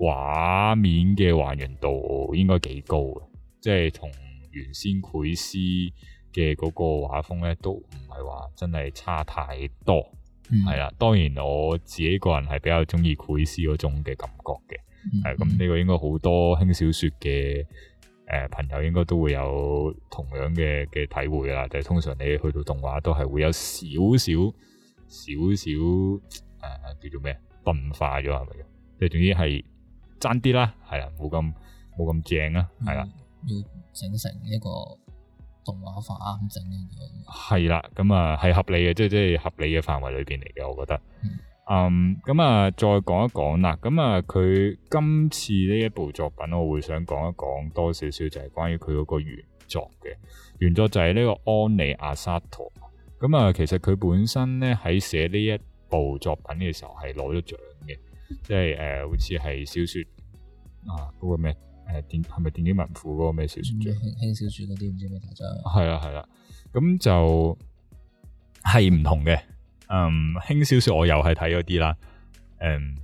畫面嘅還原度應該幾高嘅，即係同原先繪師嘅嗰個畫風咧，都唔係話真係差太多。係啦、嗯，當然我自己個人係比較鍾意繪師嗰種嘅感覺嘅。係咁、嗯，呢個應該好多輕小說嘅誒、呃、朋友應該都會有同樣嘅嘅體會啦。就係、通常你去到動畫都係會有少少少少誒、呃、叫做咩分化咗，係咪啊？即係總之係。爭啲啦，係啦，冇咁冇咁正啊，係啦，要整成一個動畫化啱整嘅嘢，係啦，咁啊係合理嘅，即係即係合理嘅範圍裏邊嚟嘅，我覺得，嗯，咁啊、嗯、再講一講啦，咁啊佢今次呢一部作品，我會想講一講多少少就係關於佢嗰個原作嘅。原作就係呢個安妮亞沙圖，咁啊其實佢本身咧喺寫呢一部作品嘅時候係攞咗獎嘅。即係誒，好似係小說啊，嗰、啊那個咩誒、呃、電係咪《電擊文庫》嗰個咩小說，嗯？輕小說嗰啲唔知咩題材。係啦，係啦，咁、啊、就係唔、嗯、同嘅。嗯，輕小說我又係睇嗰啲啦。嗯，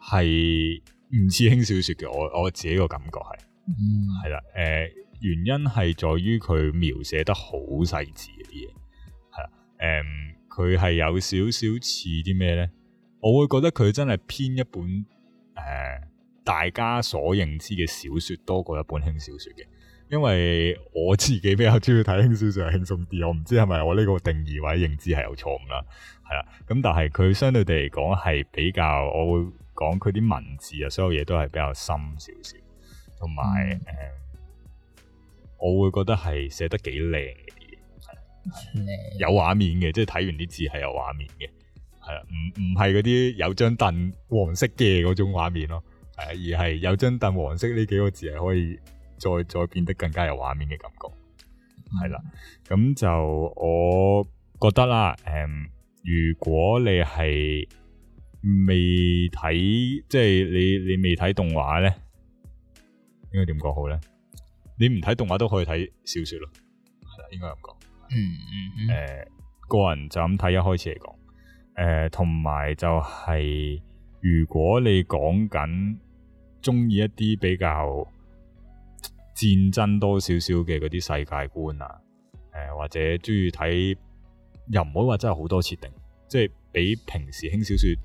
係唔似輕小說嘅，我我自己個感覺係係啦。誒、嗯啊呃，原因係在於佢描寫得好細致嘅啲嘢。吓，誒、啊，佢、嗯、係有少少似啲咩咧？我會覺得佢真係編一本誒、呃，大家所認知嘅小說多過一本輕小說嘅，因為我自己比較中意睇輕小說係輕鬆啲，我唔知係咪我呢個定義或者認知係有錯誤啦，係啦。咁但係佢相對地嚟講係比較，我會講佢啲文字啊，所有嘢都係比較深少少，同埋誒，我會覺得係寫得幾靚嘅，嗯、有畫面嘅，即係睇完啲字係有畫面嘅。係啦，唔唔係嗰啲有張凳黃色嘅嗰種畫面咯，係而係有張凳黃色呢幾個字係可以再再變得更加有畫面嘅感覺，係啦，咁就我覺得啦，誒、嗯，如果你係未睇，即係你你未睇動畫咧，應該點講好咧？你唔睇動畫都可以睇小說咯，係啦，應該咁講，嗯嗯嗯，誒、呃，個人就咁睇一開始嚟講。誒，同埋、呃、就係、是、如果你講緊中意一啲比較戰爭多少少嘅嗰啲世界觀啊，誒、呃、或者中意睇又唔可以話真係好多設定，即係比平時輕小說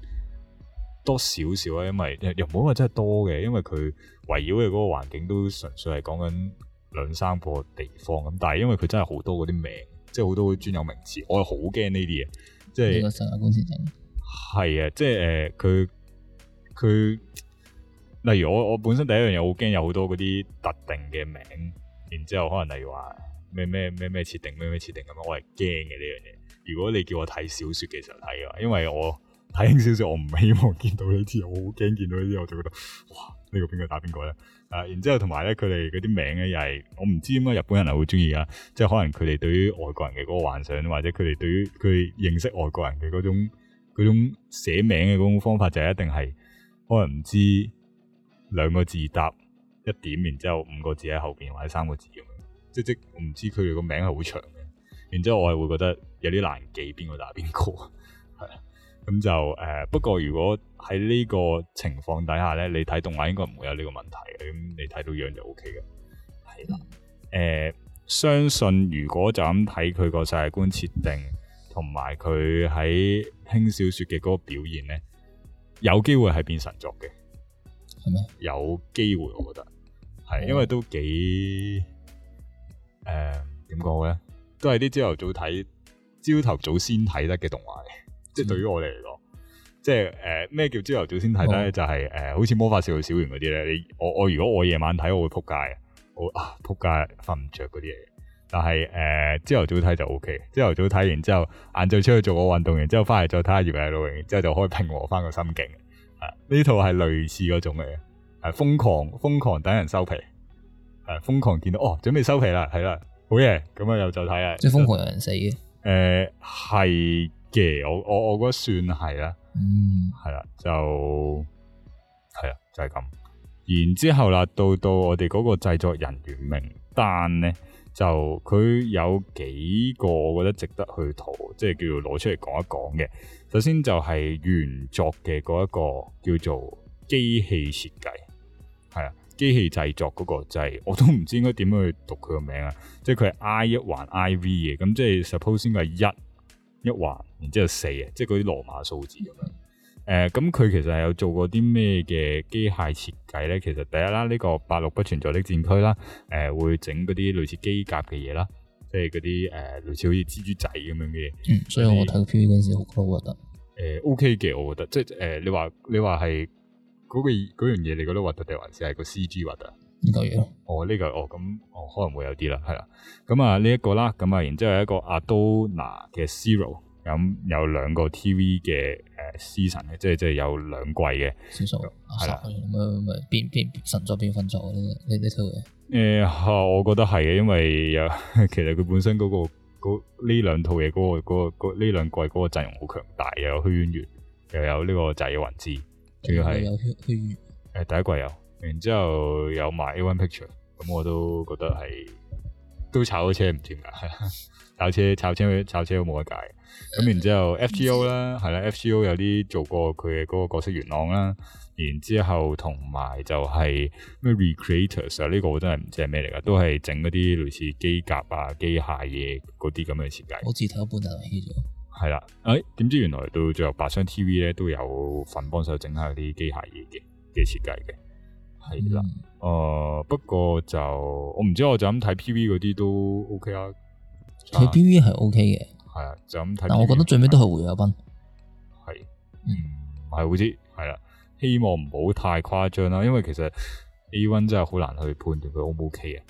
多少少啊，因為又唔可以話真係多嘅，因為佢圍繞嘅嗰個環境都純粹係講緊兩三個地方咁，但係因為佢真係好多嗰啲名，即係好多專有名詞，我又好驚呢啲嘢。即係成係啊！即係誒，佢、呃、佢，例如我我本身第一樣嘢，好驚有好多嗰啲特定嘅名，然之後可能例如話咩咩咩咩設定，咩咩設定咁樣，我係驚嘅呢樣嘢。如果你叫我睇小說，其實係啊，因為我睇輕小說，我唔希望見到呢啲，我好驚見到呢啲，我就覺得哇，這個、呢個邊個打邊個咧？啊，然之後同埋咧，佢哋嗰啲名咧又係我唔知點解日本人係好中意噶，即係可能佢哋對於外國人嘅嗰個幻想，或者佢哋對於佢認識外國人嘅嗰種嗰種寫名嘅嗰種方法，就係一定係可能唔知兩個字搭一點，然之後五個字喺後邊或者三個字咁樣，即即我唔知佢哋個名係好長嘅。然之後我係會覺得有啲難記邊個打邊個，係啦，咁就誒不過如果，喺呢個情況底下咧，你睇動畫應該唔會有呢個問題嘅，咁你睇到樣就 OK 嘅，係啦。誒、呃，相信如果就咁睇佢個世界觀設定，同埋佢喺輕小說嘅嗰個表現咧，有機會係變神作嘅，係咩？有機會，我覺得係，因為都幾誒，點講咧？都係啲朝頭早睇，朝頭早先睇得嘅動畫嚟，嗯、即係對於我哋嚟講。即係誒咩叫朝頭早先睇咧？哦、就係、是、誒、呃，好似魔法少女小圓嗰啲咧。你我我如果我夜晚睇我會扑街，我啊扑街瞓唔着嗰啲嘢。但係誒朝頭早睇就 OK，朝頭早睇完之後，晏晝出去做個運動，完之後翻嚟再睇下葉麗露穎，之後就可以平和翻個心境。係、啊、呢套係類似嗰種嚟嘅，係、啊、瘋狂瘋狂等人收皮，係、啊、瘋狂見到哦，準備收皮啦，係啦，好嘢，咁啊又就睇下，即係瘋狂有人死嘅。誒係嘅，我我我覺得算係啦。嗯，係啦，就係啦，就係、是、咁。然之後啦，到到我哋嗰個製作人員名單咧，就佢有幾個我覺得值得去討，即係叫做攞出嚟講一講嘅。首先就係原作嘅嗰一個叫做機器設計，係啊，機器製作嗰個就係、是、我都唔知應該點樣去讀佢個名啊，即係佢係 I IV, 一環 IV 嘅，咁即係 supposing 係一一環。然之後四啊，即係嗰啲羅馬數字咁樣。誒，咁佢其實係有做過啲咩嘅機械設計咧？其實第一啦，呢、這個八六不存在的戰區啦，誒、呃，會整嗰啲類似機甲嘅嘢啦，即係嗰啲誒類似好似蜘蛛仔咁樣嘅嘢。所以我睇個片嗰陣時，好覺得誒，O K 嘅，我覺得即係誒，你話你話係嗰個樣嘢，你覺得核突定還是係個 C G 核突？呢嚿嘢咯？哦，呢、這、嚿、個、哦，咁哦可能會有啲啦，係啦。咁啊呢一個啦，咁啊然之後係一個阿都拿嘅 Zero。咁有兩個 TV 嘅誒，season< 叔>，即係即係有兩季嘅。少少、啊，係啦，咁啊變變神作變糞作啦，呢呢套嘢。誒、呃，我覺得係嘅，因為啊，其實佢本身嗰、那個呢兩套嘢嗰個、那個呢兩季嗰個陣容好強大，又有虛淵玄，又有呢個澤野弘之，仲要係虛淵玄誒、呃，第一季有，然之後有埋 A-1 Pictures，咁、嗯、我都覺得係都炒咗車唔掂噶，炒車炒車炒車冇得解。咁然之後 FGO 啦，係啦 FGO 有啲做過佢嘅嗰個角色原案啦，然之後同埋就係咩 Recreators 啊，呢個我真係唔知係咩嚟噶，都係整嗰啲類似機甲啊、機械嘢嗰啲咁嘅設計。我自討半日氣咗。係啦的，誒、哎，點知原來到最後白箱 T.V 咧都有份幫手整下啲機械嘢嘅嘅設計嘅，係啦，誒、嗯呃，不過就我唔知，我就咁睇 P.V 嗰啲都 O.K. 啊，睇 P.V 係 O.K. 嘅。係啊，就咁睇。但我覺得最尾都係回阿斌，n e 係，的嗯，係好啲，係啦，希望唔好太誇張啦，因為其實 A one 真係好難去判斷佢 O 唔 O K 啊，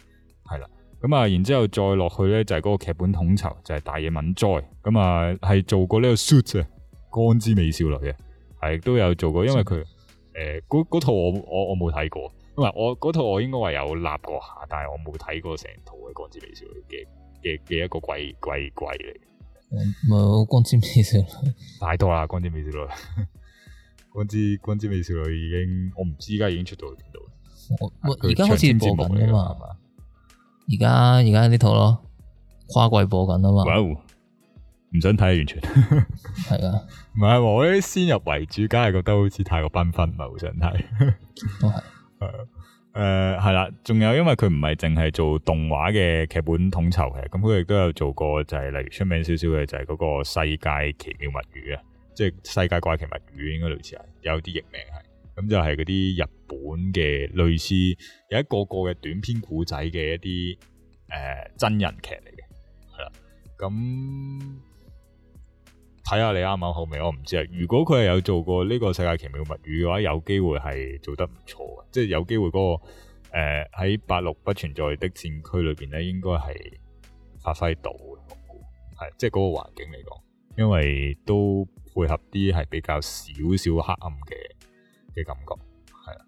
係啦，咁啊，然之後再落去咧就係、是、嗰個劇本統籌，就係、是、大野敏哉，咁啊係做過呢個 shoot 啊，《光之美少女》啊，係都有做過，因為佢誒嗰套我我我冇睇過，因為我嗰套我應該話有立過下，但係我冇睇過成套嘅《光之美少女》嘅嘅嘅一個鬼鬼鬼嚟。冇 (laughs) 《光之美少女》太多啦，《光之美少女》啦，《光之光之美少女》已經我唔知而家已經出到去邊度。我而家好似播緊啊嘛，而家而家呢套咯跨季播緊啊嘛，唔想睇完全係啊。唔係我啲先入為主，梗係覺得好似太過繽紛，唔係好想睇。 (laughs) 都係是。 (laughs) 誒，係啦、呃，仲有因為佢唔係淨係做動畫嘅劇本統籌嘅，咁佢亦都有做過、就是，就係例如出名少少嘅就係嗰個世界奇妙物語啊，即係世界怪奇物語，應該類似係，有啲譯名係，咁就係嗰啲日本嘅類似有一個個嘅短篇古仔嘅一啲誒、呃、真人劇嚟嘅，係啦，咁。睇下你啱啱好未，我唔知啊。如果佢係有做過呢個世界奇妙物語嘅話，有機會係做得唔錯，即係有機會嗰個誒喺、呃、八六不存在的戰區裏邊咧，應該係發揮到係，即係嗰個環境嚟講，因為都配合啲係比較少少黑暗嘅嘅感覺，係啊。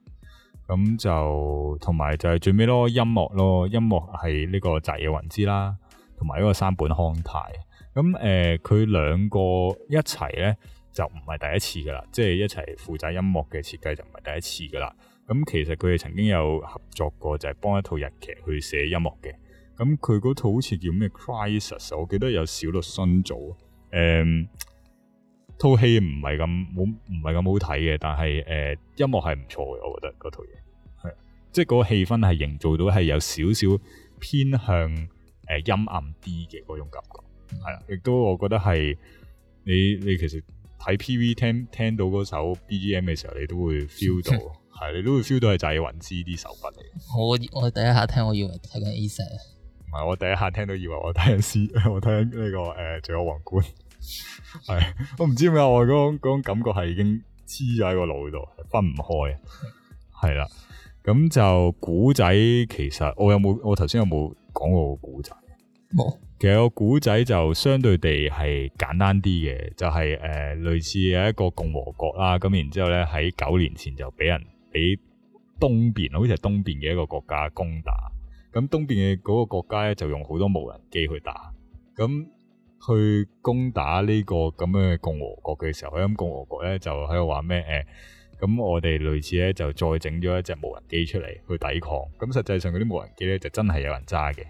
咁就同埋就係最尾咯，音樂咯，音樂係呢個澤野弘之啦，同埋呢個山本康太。咁誒，佢兩、嗯呃、個一齊咧，就唔係第一次噶啦，即、就、係、是、一齊負責音樂嘅設計就唔係第一次噶啦。咁、嗯、其實佢哋曾經有合作過，就係幫一套日劇去寫音樂嘅。咁、嗯、佢套好似叫咩《Crisis》，我記得有小栗旬誒。嗯、套戲唔係咁好，唔係咁好睇嘅，但係誒、呃、音樂係唔錯嘅。我覺得套嘢係即係個氣氛係營造到係有少少偏向誒陰、呃、暗啲嘅種感覺。係啊，亦、嗯、都我覺得係你你其實睇 P V 聽聽到嗰首 B G M 嘅時候，你都會 feel 到，係 (laughs) 你都會 feel 到係就係云之啲手筆嚟。我我第一下聽，我以為睇緊 A C 唔係，我第一下聽到以為我聽 C，我聽呢、這個誒，仲、呃、有皇冠。係， (laughs) 我唔知點解我嗰、那、種、個那個、感覺係已經黐咗喺個腦度，分唔開啊。係啦，咁就古仔其實我有冇我頭先有冇講過個古仔？冇，其實個古仔就相對地係簡單啲嘅，就係、是、誒、呃、類似係一個共和國啦，咁然之後咧喺九年前就俾人俾東邊，好似係東邊嘅一個國家攻打，咁東邊嘅嗰個國家咧就用好多無人機去打，咁去攻打呢個咁樣嘅共和國嘅時候，咁共和國咧就喺度話咩誒，咁、呃、我哋類似咧就再整咗一隻無人機出嚟去抵抗，咁實際上嗰啲無人機咧就真係有人揸嘅，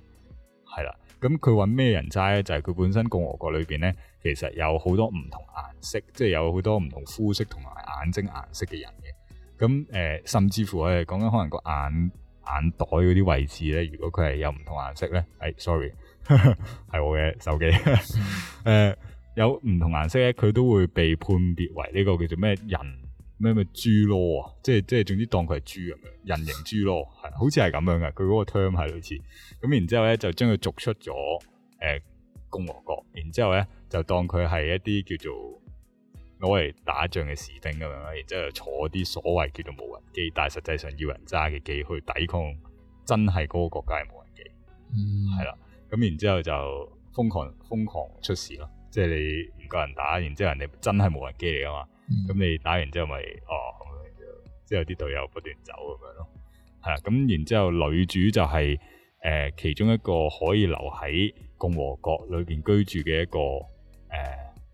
係啦。咁佢揾咩人齋呢就係、是、佢本身共和國裏邊呢，其實有好多唔同顏色，即係有好多唔同膚色同埋眼睛顏色嘅人嘅。咁誒、呃，甚至乎我哋講緊可能個眼眼袋嗰啲位置呢，如果佢係有唔同顏色呢，誒、哎，sorry，係 (laughs) 我嘅手機。誒、 (laughs) 呃，有唔同顏色呢，佢都會被判別為呢、這個叫做咩人。咩咩豬攞，即係即係，總之當佢係豬咁樣，人形豬攞，係好似係咁樣噶。佢嗰個 term 係好似咁，然之後咧就將佢逐出咗，誒、呃，共和國。然之後咧就當佢係一啲叫做攞嚟打仗嘅士兵咁樣，然之後坐啲所謂叫做無人機，但係實際上要人揸嘅機去抵抗，真係嗰個國家嘅無人機，係啦、嗯。咁然之後就瘋狂瘋狂出事咯，即係你唔夠人打，然之後人哋真係無人機嚟噶嘛。咁、嗯、你打完之後咪哦，咁之後啲隊友不斷走咁樣咯，係啊，咁然之後女主就係、是、誒、呃、其中一個可以留喺共和國裏邊居住嘅一個誒、呃、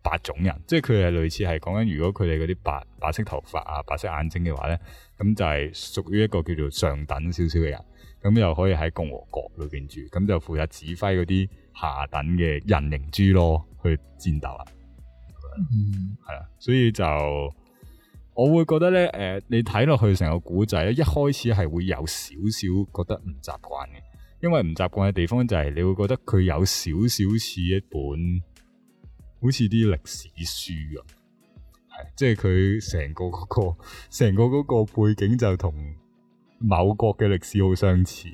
白種人，即係佢係類似係講緊如果佢哋嗰啲白白色頭髮啊白色眼睛嘅話咧，咁就係屬於一個叫做上等少少嘅人，咁又可以喺共和國裏邊住，咁就負責指揮嗰啲下等嘅人形豬咯去戰鬥啊。嗯，係啦、mm hmm.，所以就我會覺得咧，誒、呃，你睇落去成個古仔咧，一開始係會有少少覺得唔習慣嘅，因為唔習慣嘅地方就係你會覺得佢有少少似一本，好似啲歷史書咁，係即係佢成個嗰、那個成個嗰個背景就同某國嘅歷史好相似，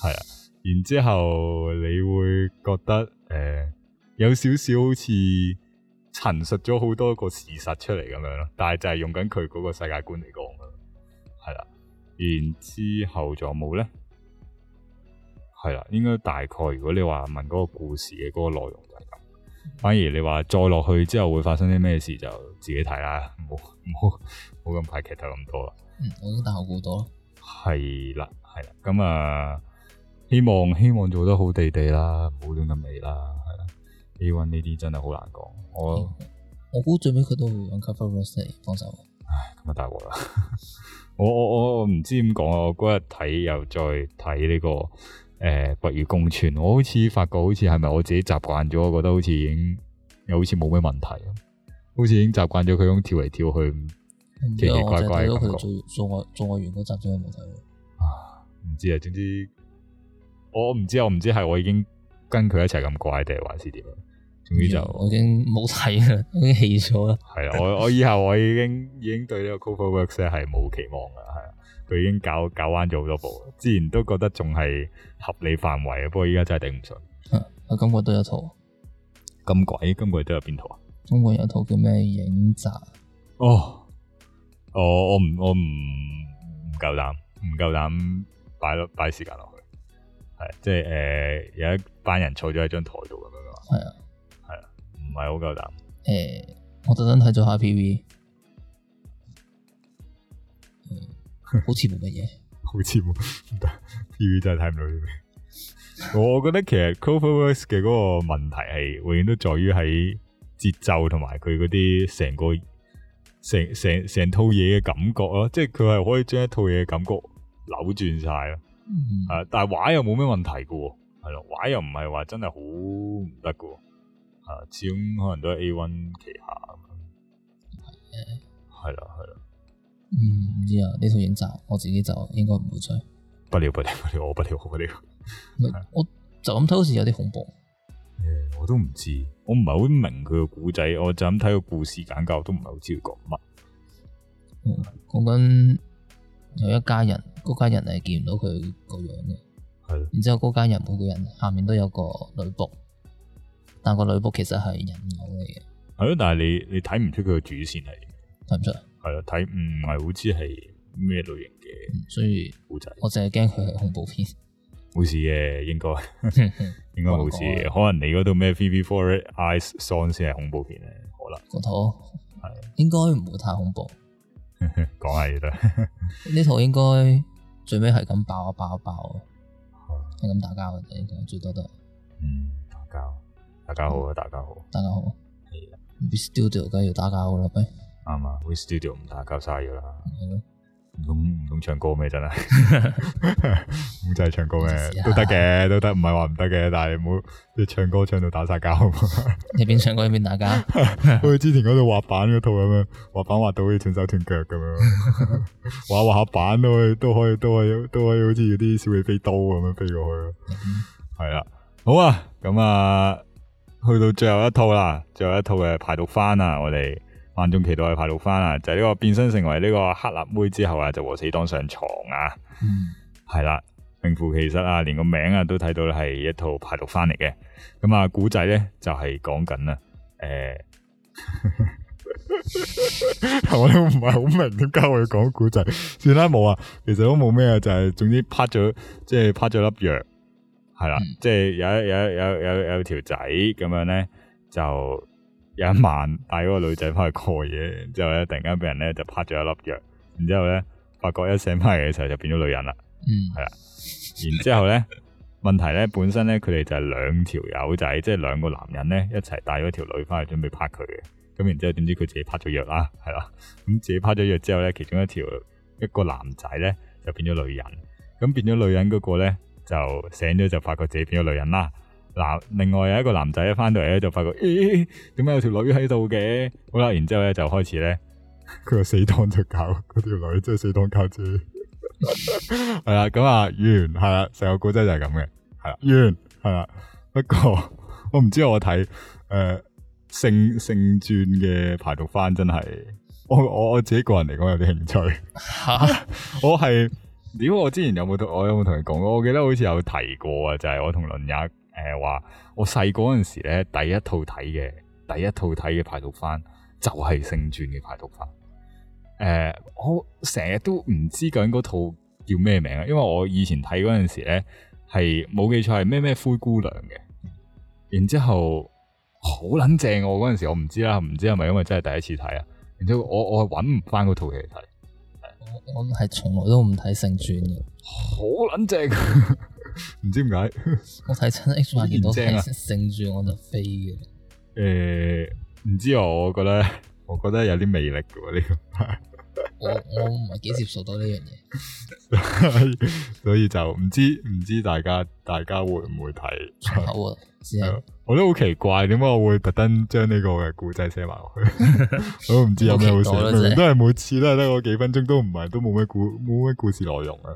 係啦。然之後你會覺得誒、呃、有少少好似。陳述咗好多個事實出嚟咁樣咯，但係就係用緊佢嗰個世界觀嚟講噶，係啦，然之後就冇咧，係啦，應該大概如果你話問嗰個故事嘅嗰個內容就係咁，反而你話再落去之後會發生啲咩事就自己睇啦，冇冇冇咁快劇透咁多啦。嗯，我都打好好多咯。係啦，係啦，咁啊、呃，希望希望做得好地地啦，唔好亂咁嚟啦。呢啲真係好難講，我、嗯、我估最尾佢都會玩 cover 幫手。唉，咁啊大鑊啦！ (laughs) 我我我唔知點講啊！我嗰日睇又再睇呢、這個誒《白、呃、魚共存》，我好似發覺好似係咪我自己習慣咗？我覺得好似已經又好似冇咩問題，好似已經習慣咗佢咁跳嚟跳去，有奇奇怪怪，怪。睇咗佢做做我員嗰集先冇睇。啊，唔知啊，總之我唔知，我唔知係我，我，我，我，我，我已經跟佢一齊咁乖定還是點啊？總之就我已經冇睇啦，我已經棄咗啦。係啊， (laughs) 我我以後我已經已經對呢個 CloverWorks 咧係冇期望噶係佢已經搞搞翻咗好多部，之前都覺得仲係合理範圍啊，不過依家真係頂唔順。我感覺都有套咁鬼，今季都有邊套啊？今季有套叫咩影集？哦，我我唔我唔唔夠膽，唔夠膽擺落擺時間落去。係，即係誒、呃，有一班人坐咗喺張台度咁樣啊？係啊的。唔係好夠膽。誒、欸，我特登睇咗下 P V，好似冇乜嘢。好似冇 (laughs) (laughs) ，P V 真係睇唔到啲咩。我 (laughs) 我覺得其實 CloverWorks 嘅嗰個問題係永遠都在於喺節奏同埋佢嗰啲成個成成成套嘢嘅感覺咯。即係佢係可以將一套嘢嘅感覺扭轉晒咯。嗯、啊，但係畫又冇咩問題㗎，係咯，畫又唔係話真係好唔得㗎。啊、始終可能都係 A-1 旗下咁樣，係啦係啦，嗯、唔知啊，呢套影集我自己就應該唔會追，不了不了不了、 (laughs) 嗯，我不了我不了，我就咁睇好似有啲恐怖，我都唔知，我唔係好明佢嘅故仔，我就咁睇個故事簡介我都唔係好知佢講乜，嗯，講緊有一家人，嗰家人係見唔到佢個樣嘅，係的，然之後嗰家人每個人下面都有個女僕。但個女僕其實係人偶嚟嘅，係咯，但係你你睇唔出，佢嘅主線係睇唔出，係啊，睇唔係好知係咩類型嘅、嗯，所以我淨係驚佢係恐怖片，冇、嗯、事嘅應該，應該冇事 (laughs) 可能你嗰套咩《Vivy -Fluorite Eye's Song-》先係恐怖片咧，可能嗰套係應該唔會太恐怖，講下嘢啦，呢 (laughs) 套應該最尾係咁爆一爆一爆，係係咁打交嘅，應該最多都嗯打交。大家好啊！大家好，大家好，係啊！We Studio 梗係要打交噶啦，咪啱啊！We Studio 唔打交曬噶啦，係咯？咁咁唱歌咩真係？咁真係唱歌咩都得嘅，都得，唔係話唔得嘅。但係你唔好即係唱歌唱到打曬交啊！一邊唱歌一邊打交，好似之前嗰度滑板嗰套咁樣，滑板滑到要斷手斷腳咁樣，滑滑下板都可以，都可以，都可以，都可以好似啲小氣飛刀咁樣飛過去咯。係啦，好啊，咁啊。去到最後一套啦，最後一套嘅排毒番啊，我哋萬眾期待嘅排毒番啊，就係、是、呢個變身成為呢個黑辣妹之後啊，就和死黨上床啊，係啦、嗯，名副其實啊，連個名啊都睇到係一套排毒番嚟嘅，咁啊古仔咧就係講緊啊，誒，我都唔係好明點解會講古仔，算啦冇啊，其實都冇咩啊，就係、是、總之啪咗即係啪咗粒藥。就是係啦，嗯、即係有有有有有條仔咁樣咧，就有一晚帶嗰個女仔翻去過夜，之後咧突然間俾人咧就拍咗一粒藥，然之後咧發覺一醒翻嚟嘅時候就變咗女人啦，係啦、嗯，然之後咧 (laughs) 問題咧本身咧佢哋就係兩條友仔，即係兩個男人咧一齊帶咗條女翻去準備拍佢嘅，咁然之後點知佢自己拍咗藥啦，係啦，咁、嗯、自己拍咗藥之後咧，其中一條一個男仔咧就變咗女人，咁變咗女人嗰個咧。就醒咗就發覺自己變咗女人啦。嗱，另外有一個男仔咧返到嚟咧就發覺咦，點、欸、解有條女喺度嘅？好啦，然之後咧就開始咧，佢死黨隻狗，嗰條女真係死黨狗仔。係啦， (laughs) (laughs) 咁啊完係啦，成個古仔就係咁嘅。係啦，完係啦。 (laughs) 不過我唔知我睇誒、呃《聖聖傳》嘅排毒番真係，我我我自己個人嚟講有啲興趣。吓 (laughs) 是，我係。點我之前有冇同我有冇同你講過？我記得好似有提過啊，就係、是、我同倫雅誒話，呃、我細個嗰陣時咧，第一套睇嘅第一套睇嘅排毒翻就係聖傳嘅排毒翻。誒、呃，我成日都唔知緊嗰套叫咩名啊，因為我以前睇嗰陣時咧，係冇記錯，係咩咩灰姑娘嘅。然之後好撚正，我嗰陣時我唔知啦，唔知係咪因為真係第一次睇啊？然之後我我係搵唔翻嗰套戲嚟睇。我係從來都唔睇聖傳嘅，好撚正，啊，唔知點解。我睇親 X 版見到聖聖傳我就飛嘅。誒、欸，唔知啊，我覺得，我覺得有啲魅力嘅喎呢個。 (laughs) 我我唔係幾接受到呢樣嘢，所以就唔知唔知大家大家會唔會睇？ (laughs) (laughs) (laughs) 我都 (laughs) 好， (laughs) 好奇怪點解我會特登將呢個嘅故仔寫埋去，我 (laughs) 都唔知有咩好寫，都係每次都係得嗰幾分鐘，都唔係都冇咩故冇咩故事內容啊，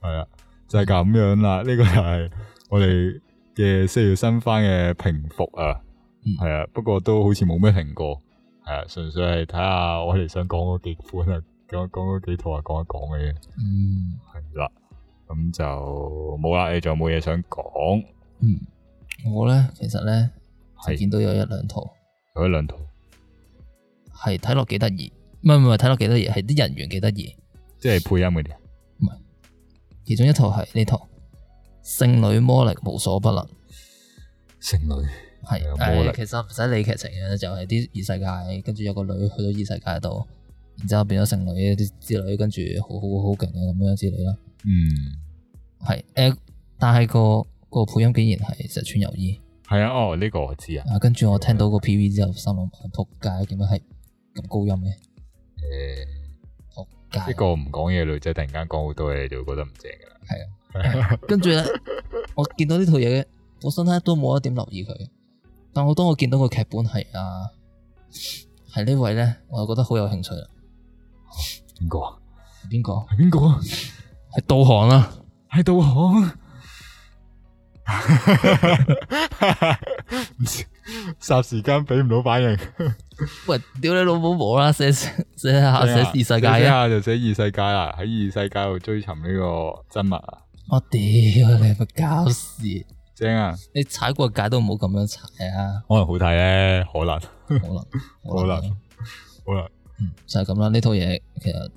係啊，就係、是、咁樣啦。呢 (laughs) 個就係我哋嘅四月新番嘅評伏啊，係啊， (laughs) 不過都好似冇咩評過。係啊，純粹係睇下我哋想講嗰幾款啊，講講嗰幾套啊，講一講嘅嘢。嗯，係啦，咁就冇啦，你仲有冇嘢想講？嗯，我咧其實咧，就是見到有一兩套，有一兩套，係睇落幾得意，唔係唔係睇落幾得意，係啲人員幾得意，即係配音嗰啲啊，唔係，其中一套係呢套，聖女魔力無所不能，聖女。係，誒，其實唔使理劇情嘅，就係啲異世界，跟住有個女去到異世界度，然之後變咗聖女啲之類，跟住好好好勁啊咁樣之類啦。嗯，係，誒、欸，但係、那個、那個配音竟然係石川由依。係啊，哦，呢、這個我知啊。跟住我聽到個 P V 之後，心諗仆街，點解係咁高音嘅？誒、欸，仆街！呢個唔講嘢女仔突然間講好多嘢，就覺得唔正噶啦。係啊，欸、跟住咧， (laughs) 我見到呢套嘢嘅，我身體都冇一點留意佢。但我當我見到個劇本係啊，係呢位咧，我就覺得好有興趣啦。邊個？邊個？邊個？係導航啊？係導航。霎時間俾唔到反應。 (laughs) 喂，屌你老母，冇啦！寫寫下，寫異世界一下就寫異世界啊！喺異世界度追尋呢個真物。我屌你個狗屎！正啊！你踩過界都唔好咁樣踩啊，啊！可能好睇咧， (laughs) 可能，可能，可能，可能，就係咁啦。呢套嘢其實，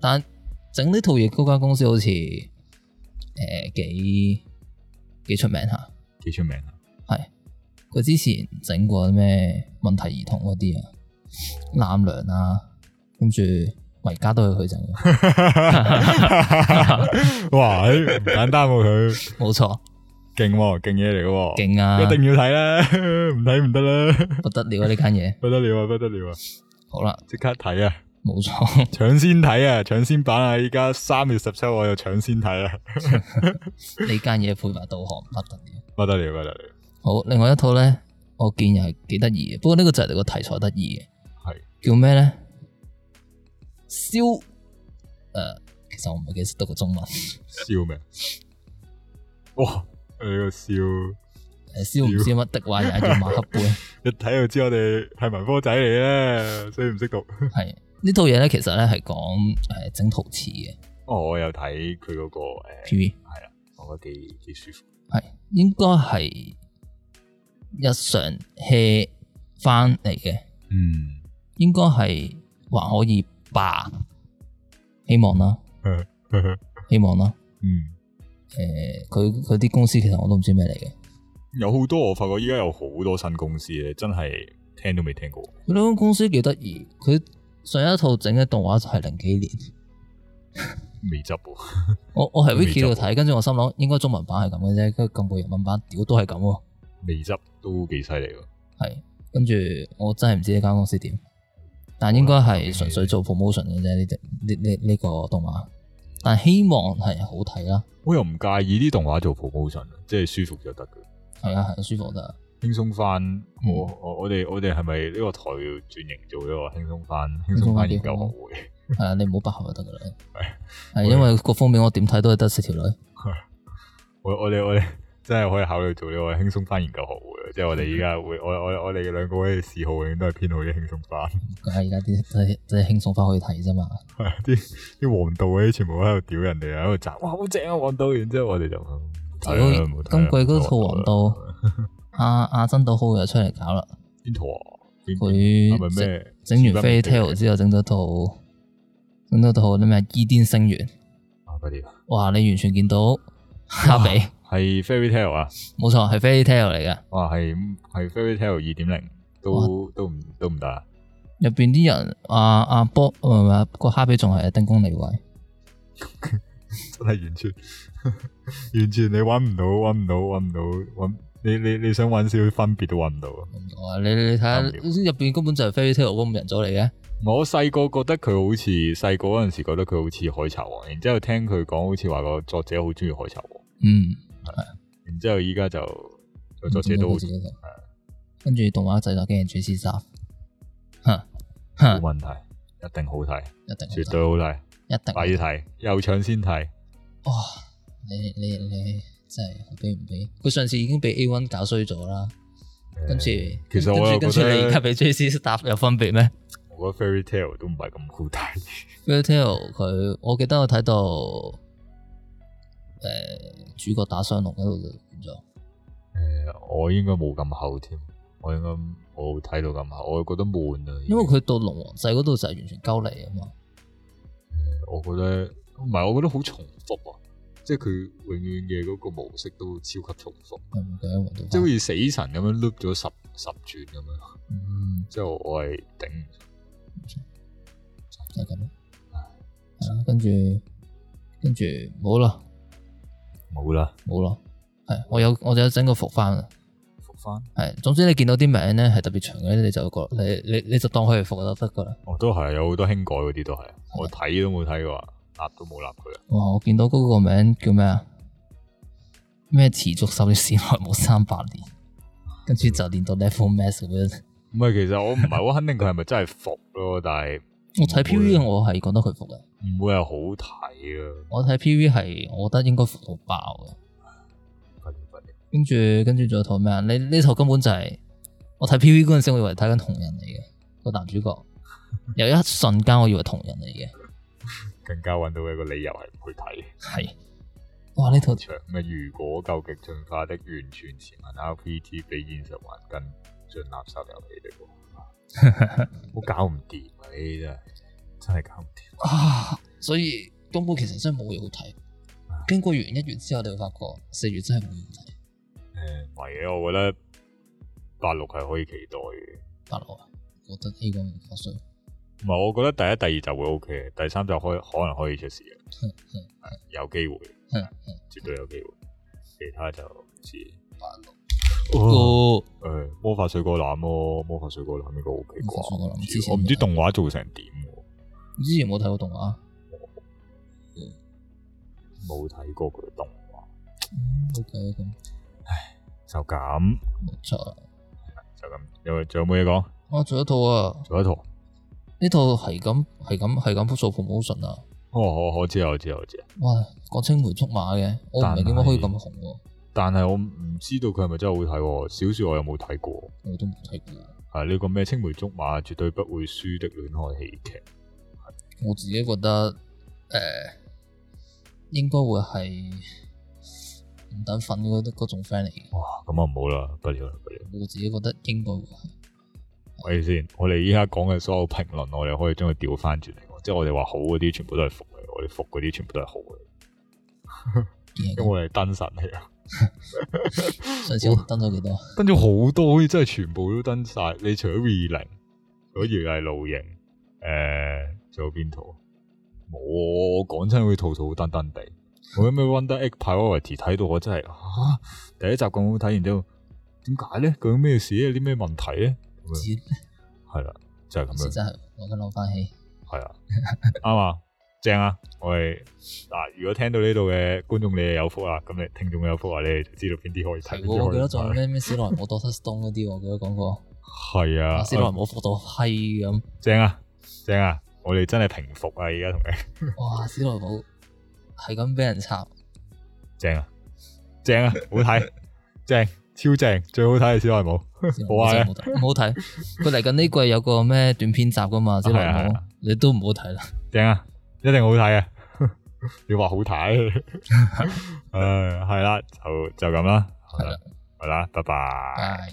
但整呢套嘢嗰間公司好似誒、呃、幾幾出名吓，幾出名係、啊、佢、啊、之前整過咩問題兒童嗰啲啊，濫良啊，跟住維嘉都要去整， (laughs) (laughs) 哇！欸、簡單過、啊、佢，冇錯。 (laughs) 勁喎，勁嘢嚟嘅喎，啊、一定要睇啦，唔睇唔得啦，不得了啊呢間嘢， (laughs) (laughs) 不得了啊，不得了啊，好啦，即刻睇啊，冇錯錯，搶先睇啊，搶先版啊，依家三月十七號又搶先睇啊！呢間嘢《配埋導航》，不得了，啊不得了啊，不得了、啊，不得了，好，另外一套咧，我見又係幾得意嘅，不過呢個就係你個題材得意嘅，係的叫咩咧？燒，誒、呃，其實我唔係幾識得個中文，燒咩？ (laughs) (laughs) (laughs) 哇！喺度笑，笑唔笑乜的？話又係做馬克杯，一睇就知我哋係文科仔嚟咧， (laughs) 所以唔識讀。係呢套嘢咧，其實咧係講誒整陶瓷嘅。哦，我有睇佢嗰個誒 PV 係啦，我覺得幾幾舒服。係應該係日常戲翻嚟嘅，嗯，應該係還可以吧？希望啦， (laughs) 希望啦，嗯。誒，佢佢啲公司其實我都唔知咩嚟嘅，有好多我發覺依家有好多新公司咧，真係聽都未聽過。佢兩間公司幾得意，佢上一套整嘅動畫就係零幾年，未執喎。我我喺 Viki 度睇，跟住、哦、我心諗應該中文版係咁嘅啫，跟住咁部日文版屌都係咁、啊。未執都幾犀利喎。係，跟住我真係唔知呢間公司點，但應該係純粹做 promotion 嘅啫。呢隻呢呢呢個動畫。但希望係好睇啦，啊，我又唔介意啲動畫做 promotion，即係舒服就得嘅。係啊，係舒服得。輕鬆番，我我哋我哋係咪呢個台要轉型做呢個輕鬆番輕鬆番研究學會？係啊， (laughs) 你唔好百合就得噶啦。係，係因為各方面我點睇都係得四條女。 (laughs) 我我哋我哋。我真係可以考慮做呢個輕鬆翻研究學會，即係我哋而家會，我我我哋兩個嘅嗜好，永遠都係偏好啲輕鬆翻。咁啊，而家啲真係真係輕鬆翻可以睇啫嘛。啲啲 (laughs) 黃道嗰啲全部喺度屌人哋喺度賺哇，好正啊，道、哎、黃道，完之後我哋就，今季嗰套黃道，阿阿真島浩又出嚟搞啦。邊套？啊？佢整完 Fairy Tail 之後，整咗套，整咗套啲咩？伊甸星源。哇，啊！你完全見到哈比。係 Fairytale 啊，冇錯，係 Fairytale 嚟嘅。哇，係係 Fairytale 二點零哇，都都唔都唔得。入邊啲人啊啊波，個、呃、哈比仲係丁公嚟位， (laughs) 真係完全完全你搵唔到，搵唔到，搵唔到，搵你你你想搵少少分別都搵唔到。啊、嗯。你你睇下入邊根本就係 Fairytale 嗰五人組嚟嘅。我細個覺得佢好似細個嗰陣時覺得佢好似海賊王，然之後聽佢講好似話個作者好中意海賊王。嗯。然之後依家就就坐車到，跟住動畫仔就驚 J C 三，吓冇問題，一定好睇，一定，絕對好睇，一定，快啲睇，又搶先睇，哇！你你你真係比唔比？佢上次已經比 A one 搞衰咗啦，跟住，其實我跟住你而家比 J C 三有分別咩？我覺得 Fairytale 都唔係咁好睇，Fairytale 佢，我記得我睇到。主角打雙龍嗰度就變咗。我應該冇咁厚添，我應該我睇到咁厚，我覺得悶啊。因為佢到龍王仔嗰度就係完全鳩嚟啊嘛、呃。我覺得唔係，我覺得好重複啊，即係佢永遠嘅嗰個模式都超級重複，即係好似死神咁樣碌咗十十轉咁樣。嗯、之、嗯、後、嗯、我係頂、嗯、就係咁啦，係、啊、啦，跟住跟住冇啦。冇啦，冇啦，係了我有，我就有整個伏番，伏番番，係。總之你見到啲名咧係特別長嘅，你就覺你你你就當佢係伏就得噶啦。哦，都係，有好多輕改嗰啲都係，的我睇都冇睇過，立都冇立佢。哇，我見到嗰個名叫咩啊？咩持續史煉冇三百年，跟住就練到 level max 咁樣，嗯。唔係，其實我唔係好肯定佢係咪真係伏咯， (laughs) 但係我睇 PV 我係覺得佢伏嘅。唔會係好睇啊！我睇 P V 係，我覺得應該伏到爆嘅。跟住， (laughs) 跟住仲有套咩啊？你呢套根本就係、是、我睇 P V 嗰陣時，我以為睇緊同人嚟嘅、個男主角，有 (laughs) 一瞬間我以為同人嚟嘅。更加搵到一個理由係唔去睇。係，哇！呢套長咪？如果究極進化的完全前文 RPG 比現實還更震垃圾遊戲了 (laughs) (laughs) 不起咗。我搞唔掂你真係啦！真係搞唔掂啊！所以東部其實真係冇嘢好睇。經過完一月之後，你就會發覺四月真係冇嘢好睇。誒、呃，唔係啊，我覺得八六係可以期待嘅。八六啊，覺得 A 港唔錯。唔係，我覺得第一、第二集會 OK，第三集可可能可以出事嘅，嗯嗯、有機會，嗯嗯、絕對有機會。嗯嗯、其他就唔知八六。哦，誒、哦哎，魔法水果籃咯、啊，魔法水果籃呢個 OK 啩？我唔知動畫做成點。依然冇睇過動畫，冇睇過佢嘅動畫，OK 啊！咁唉就咁，冇錯，就咁。有仲有冇嘢講？啊，仲有一套啊，仲有一套呢套係咁係咁係咁做 promotion 啊。哦，我我知啊，我知啊，我知啊。哇，講青梅竹馬嘅，我唔明點解可以咁紅喎。但係我唔知道佢係咪真係好睇喎。小說我又冇睇過，我都唔睇啊。係呢個咩青梅竹馬絕對不會輸的戀愛喜劇。我自己覺得，誒、呃，應該會係唔等粉嗰嗰種 friend 嚟嘅。哇，咁啊唔好啦，不了啦，不了。我自己覺得應該係。喂先，我哋依家講嘅所有評論，我哋可以將佢調翻轉嚟，即係我哋話好嗰啲，全部都係服嘅；我哋服嗰啲，全部都係好嘅。 (laughs) 因為登神嚟啊！ (laughs) (laughs) 上次我哋登咗幾多？登咗好多，好似真係全部都登晒。你除咗 V 零，嗰月係露營，誒。仲有邊套？冇我講真，佢套套淡淡地。我啱啱《Wonder Egg Priority》睇到我真係啊，第一集咁好睇，然之後點解咧？究竟咩事？有啲咩問題咧？係啦，就係、是、咁樣。我而家諗翻起，係啊，啱啊，正啊。我係嗱、啊，如果聽到呢度嘅觀眾，你係有福啦。咁你聽眾有福啊，你哋就知道邊啲可以睇。啊、以我記得仲有咩咩史萊姆，我多失東嗰啲，我記得講過係啊。史萊姆冇服到閪咁，正啊，正啊。我哋真係平伏啊！而家同你，哇！史萊姆係咁畀人插，正啊，正啊，好睇，正，超正，最好睇嘅史萊姆，好萊啊，唔好睇。佢嚟緊呢季有個咩短片集噶嘛？史萊姆，啊啊、你都唔好睇啦，正啊，一定好睇 (laughs) (laughs) (laughs) 啊，你話好睇，誒，係啦，就就咁啦，係啦，好啦，拜拜。哎。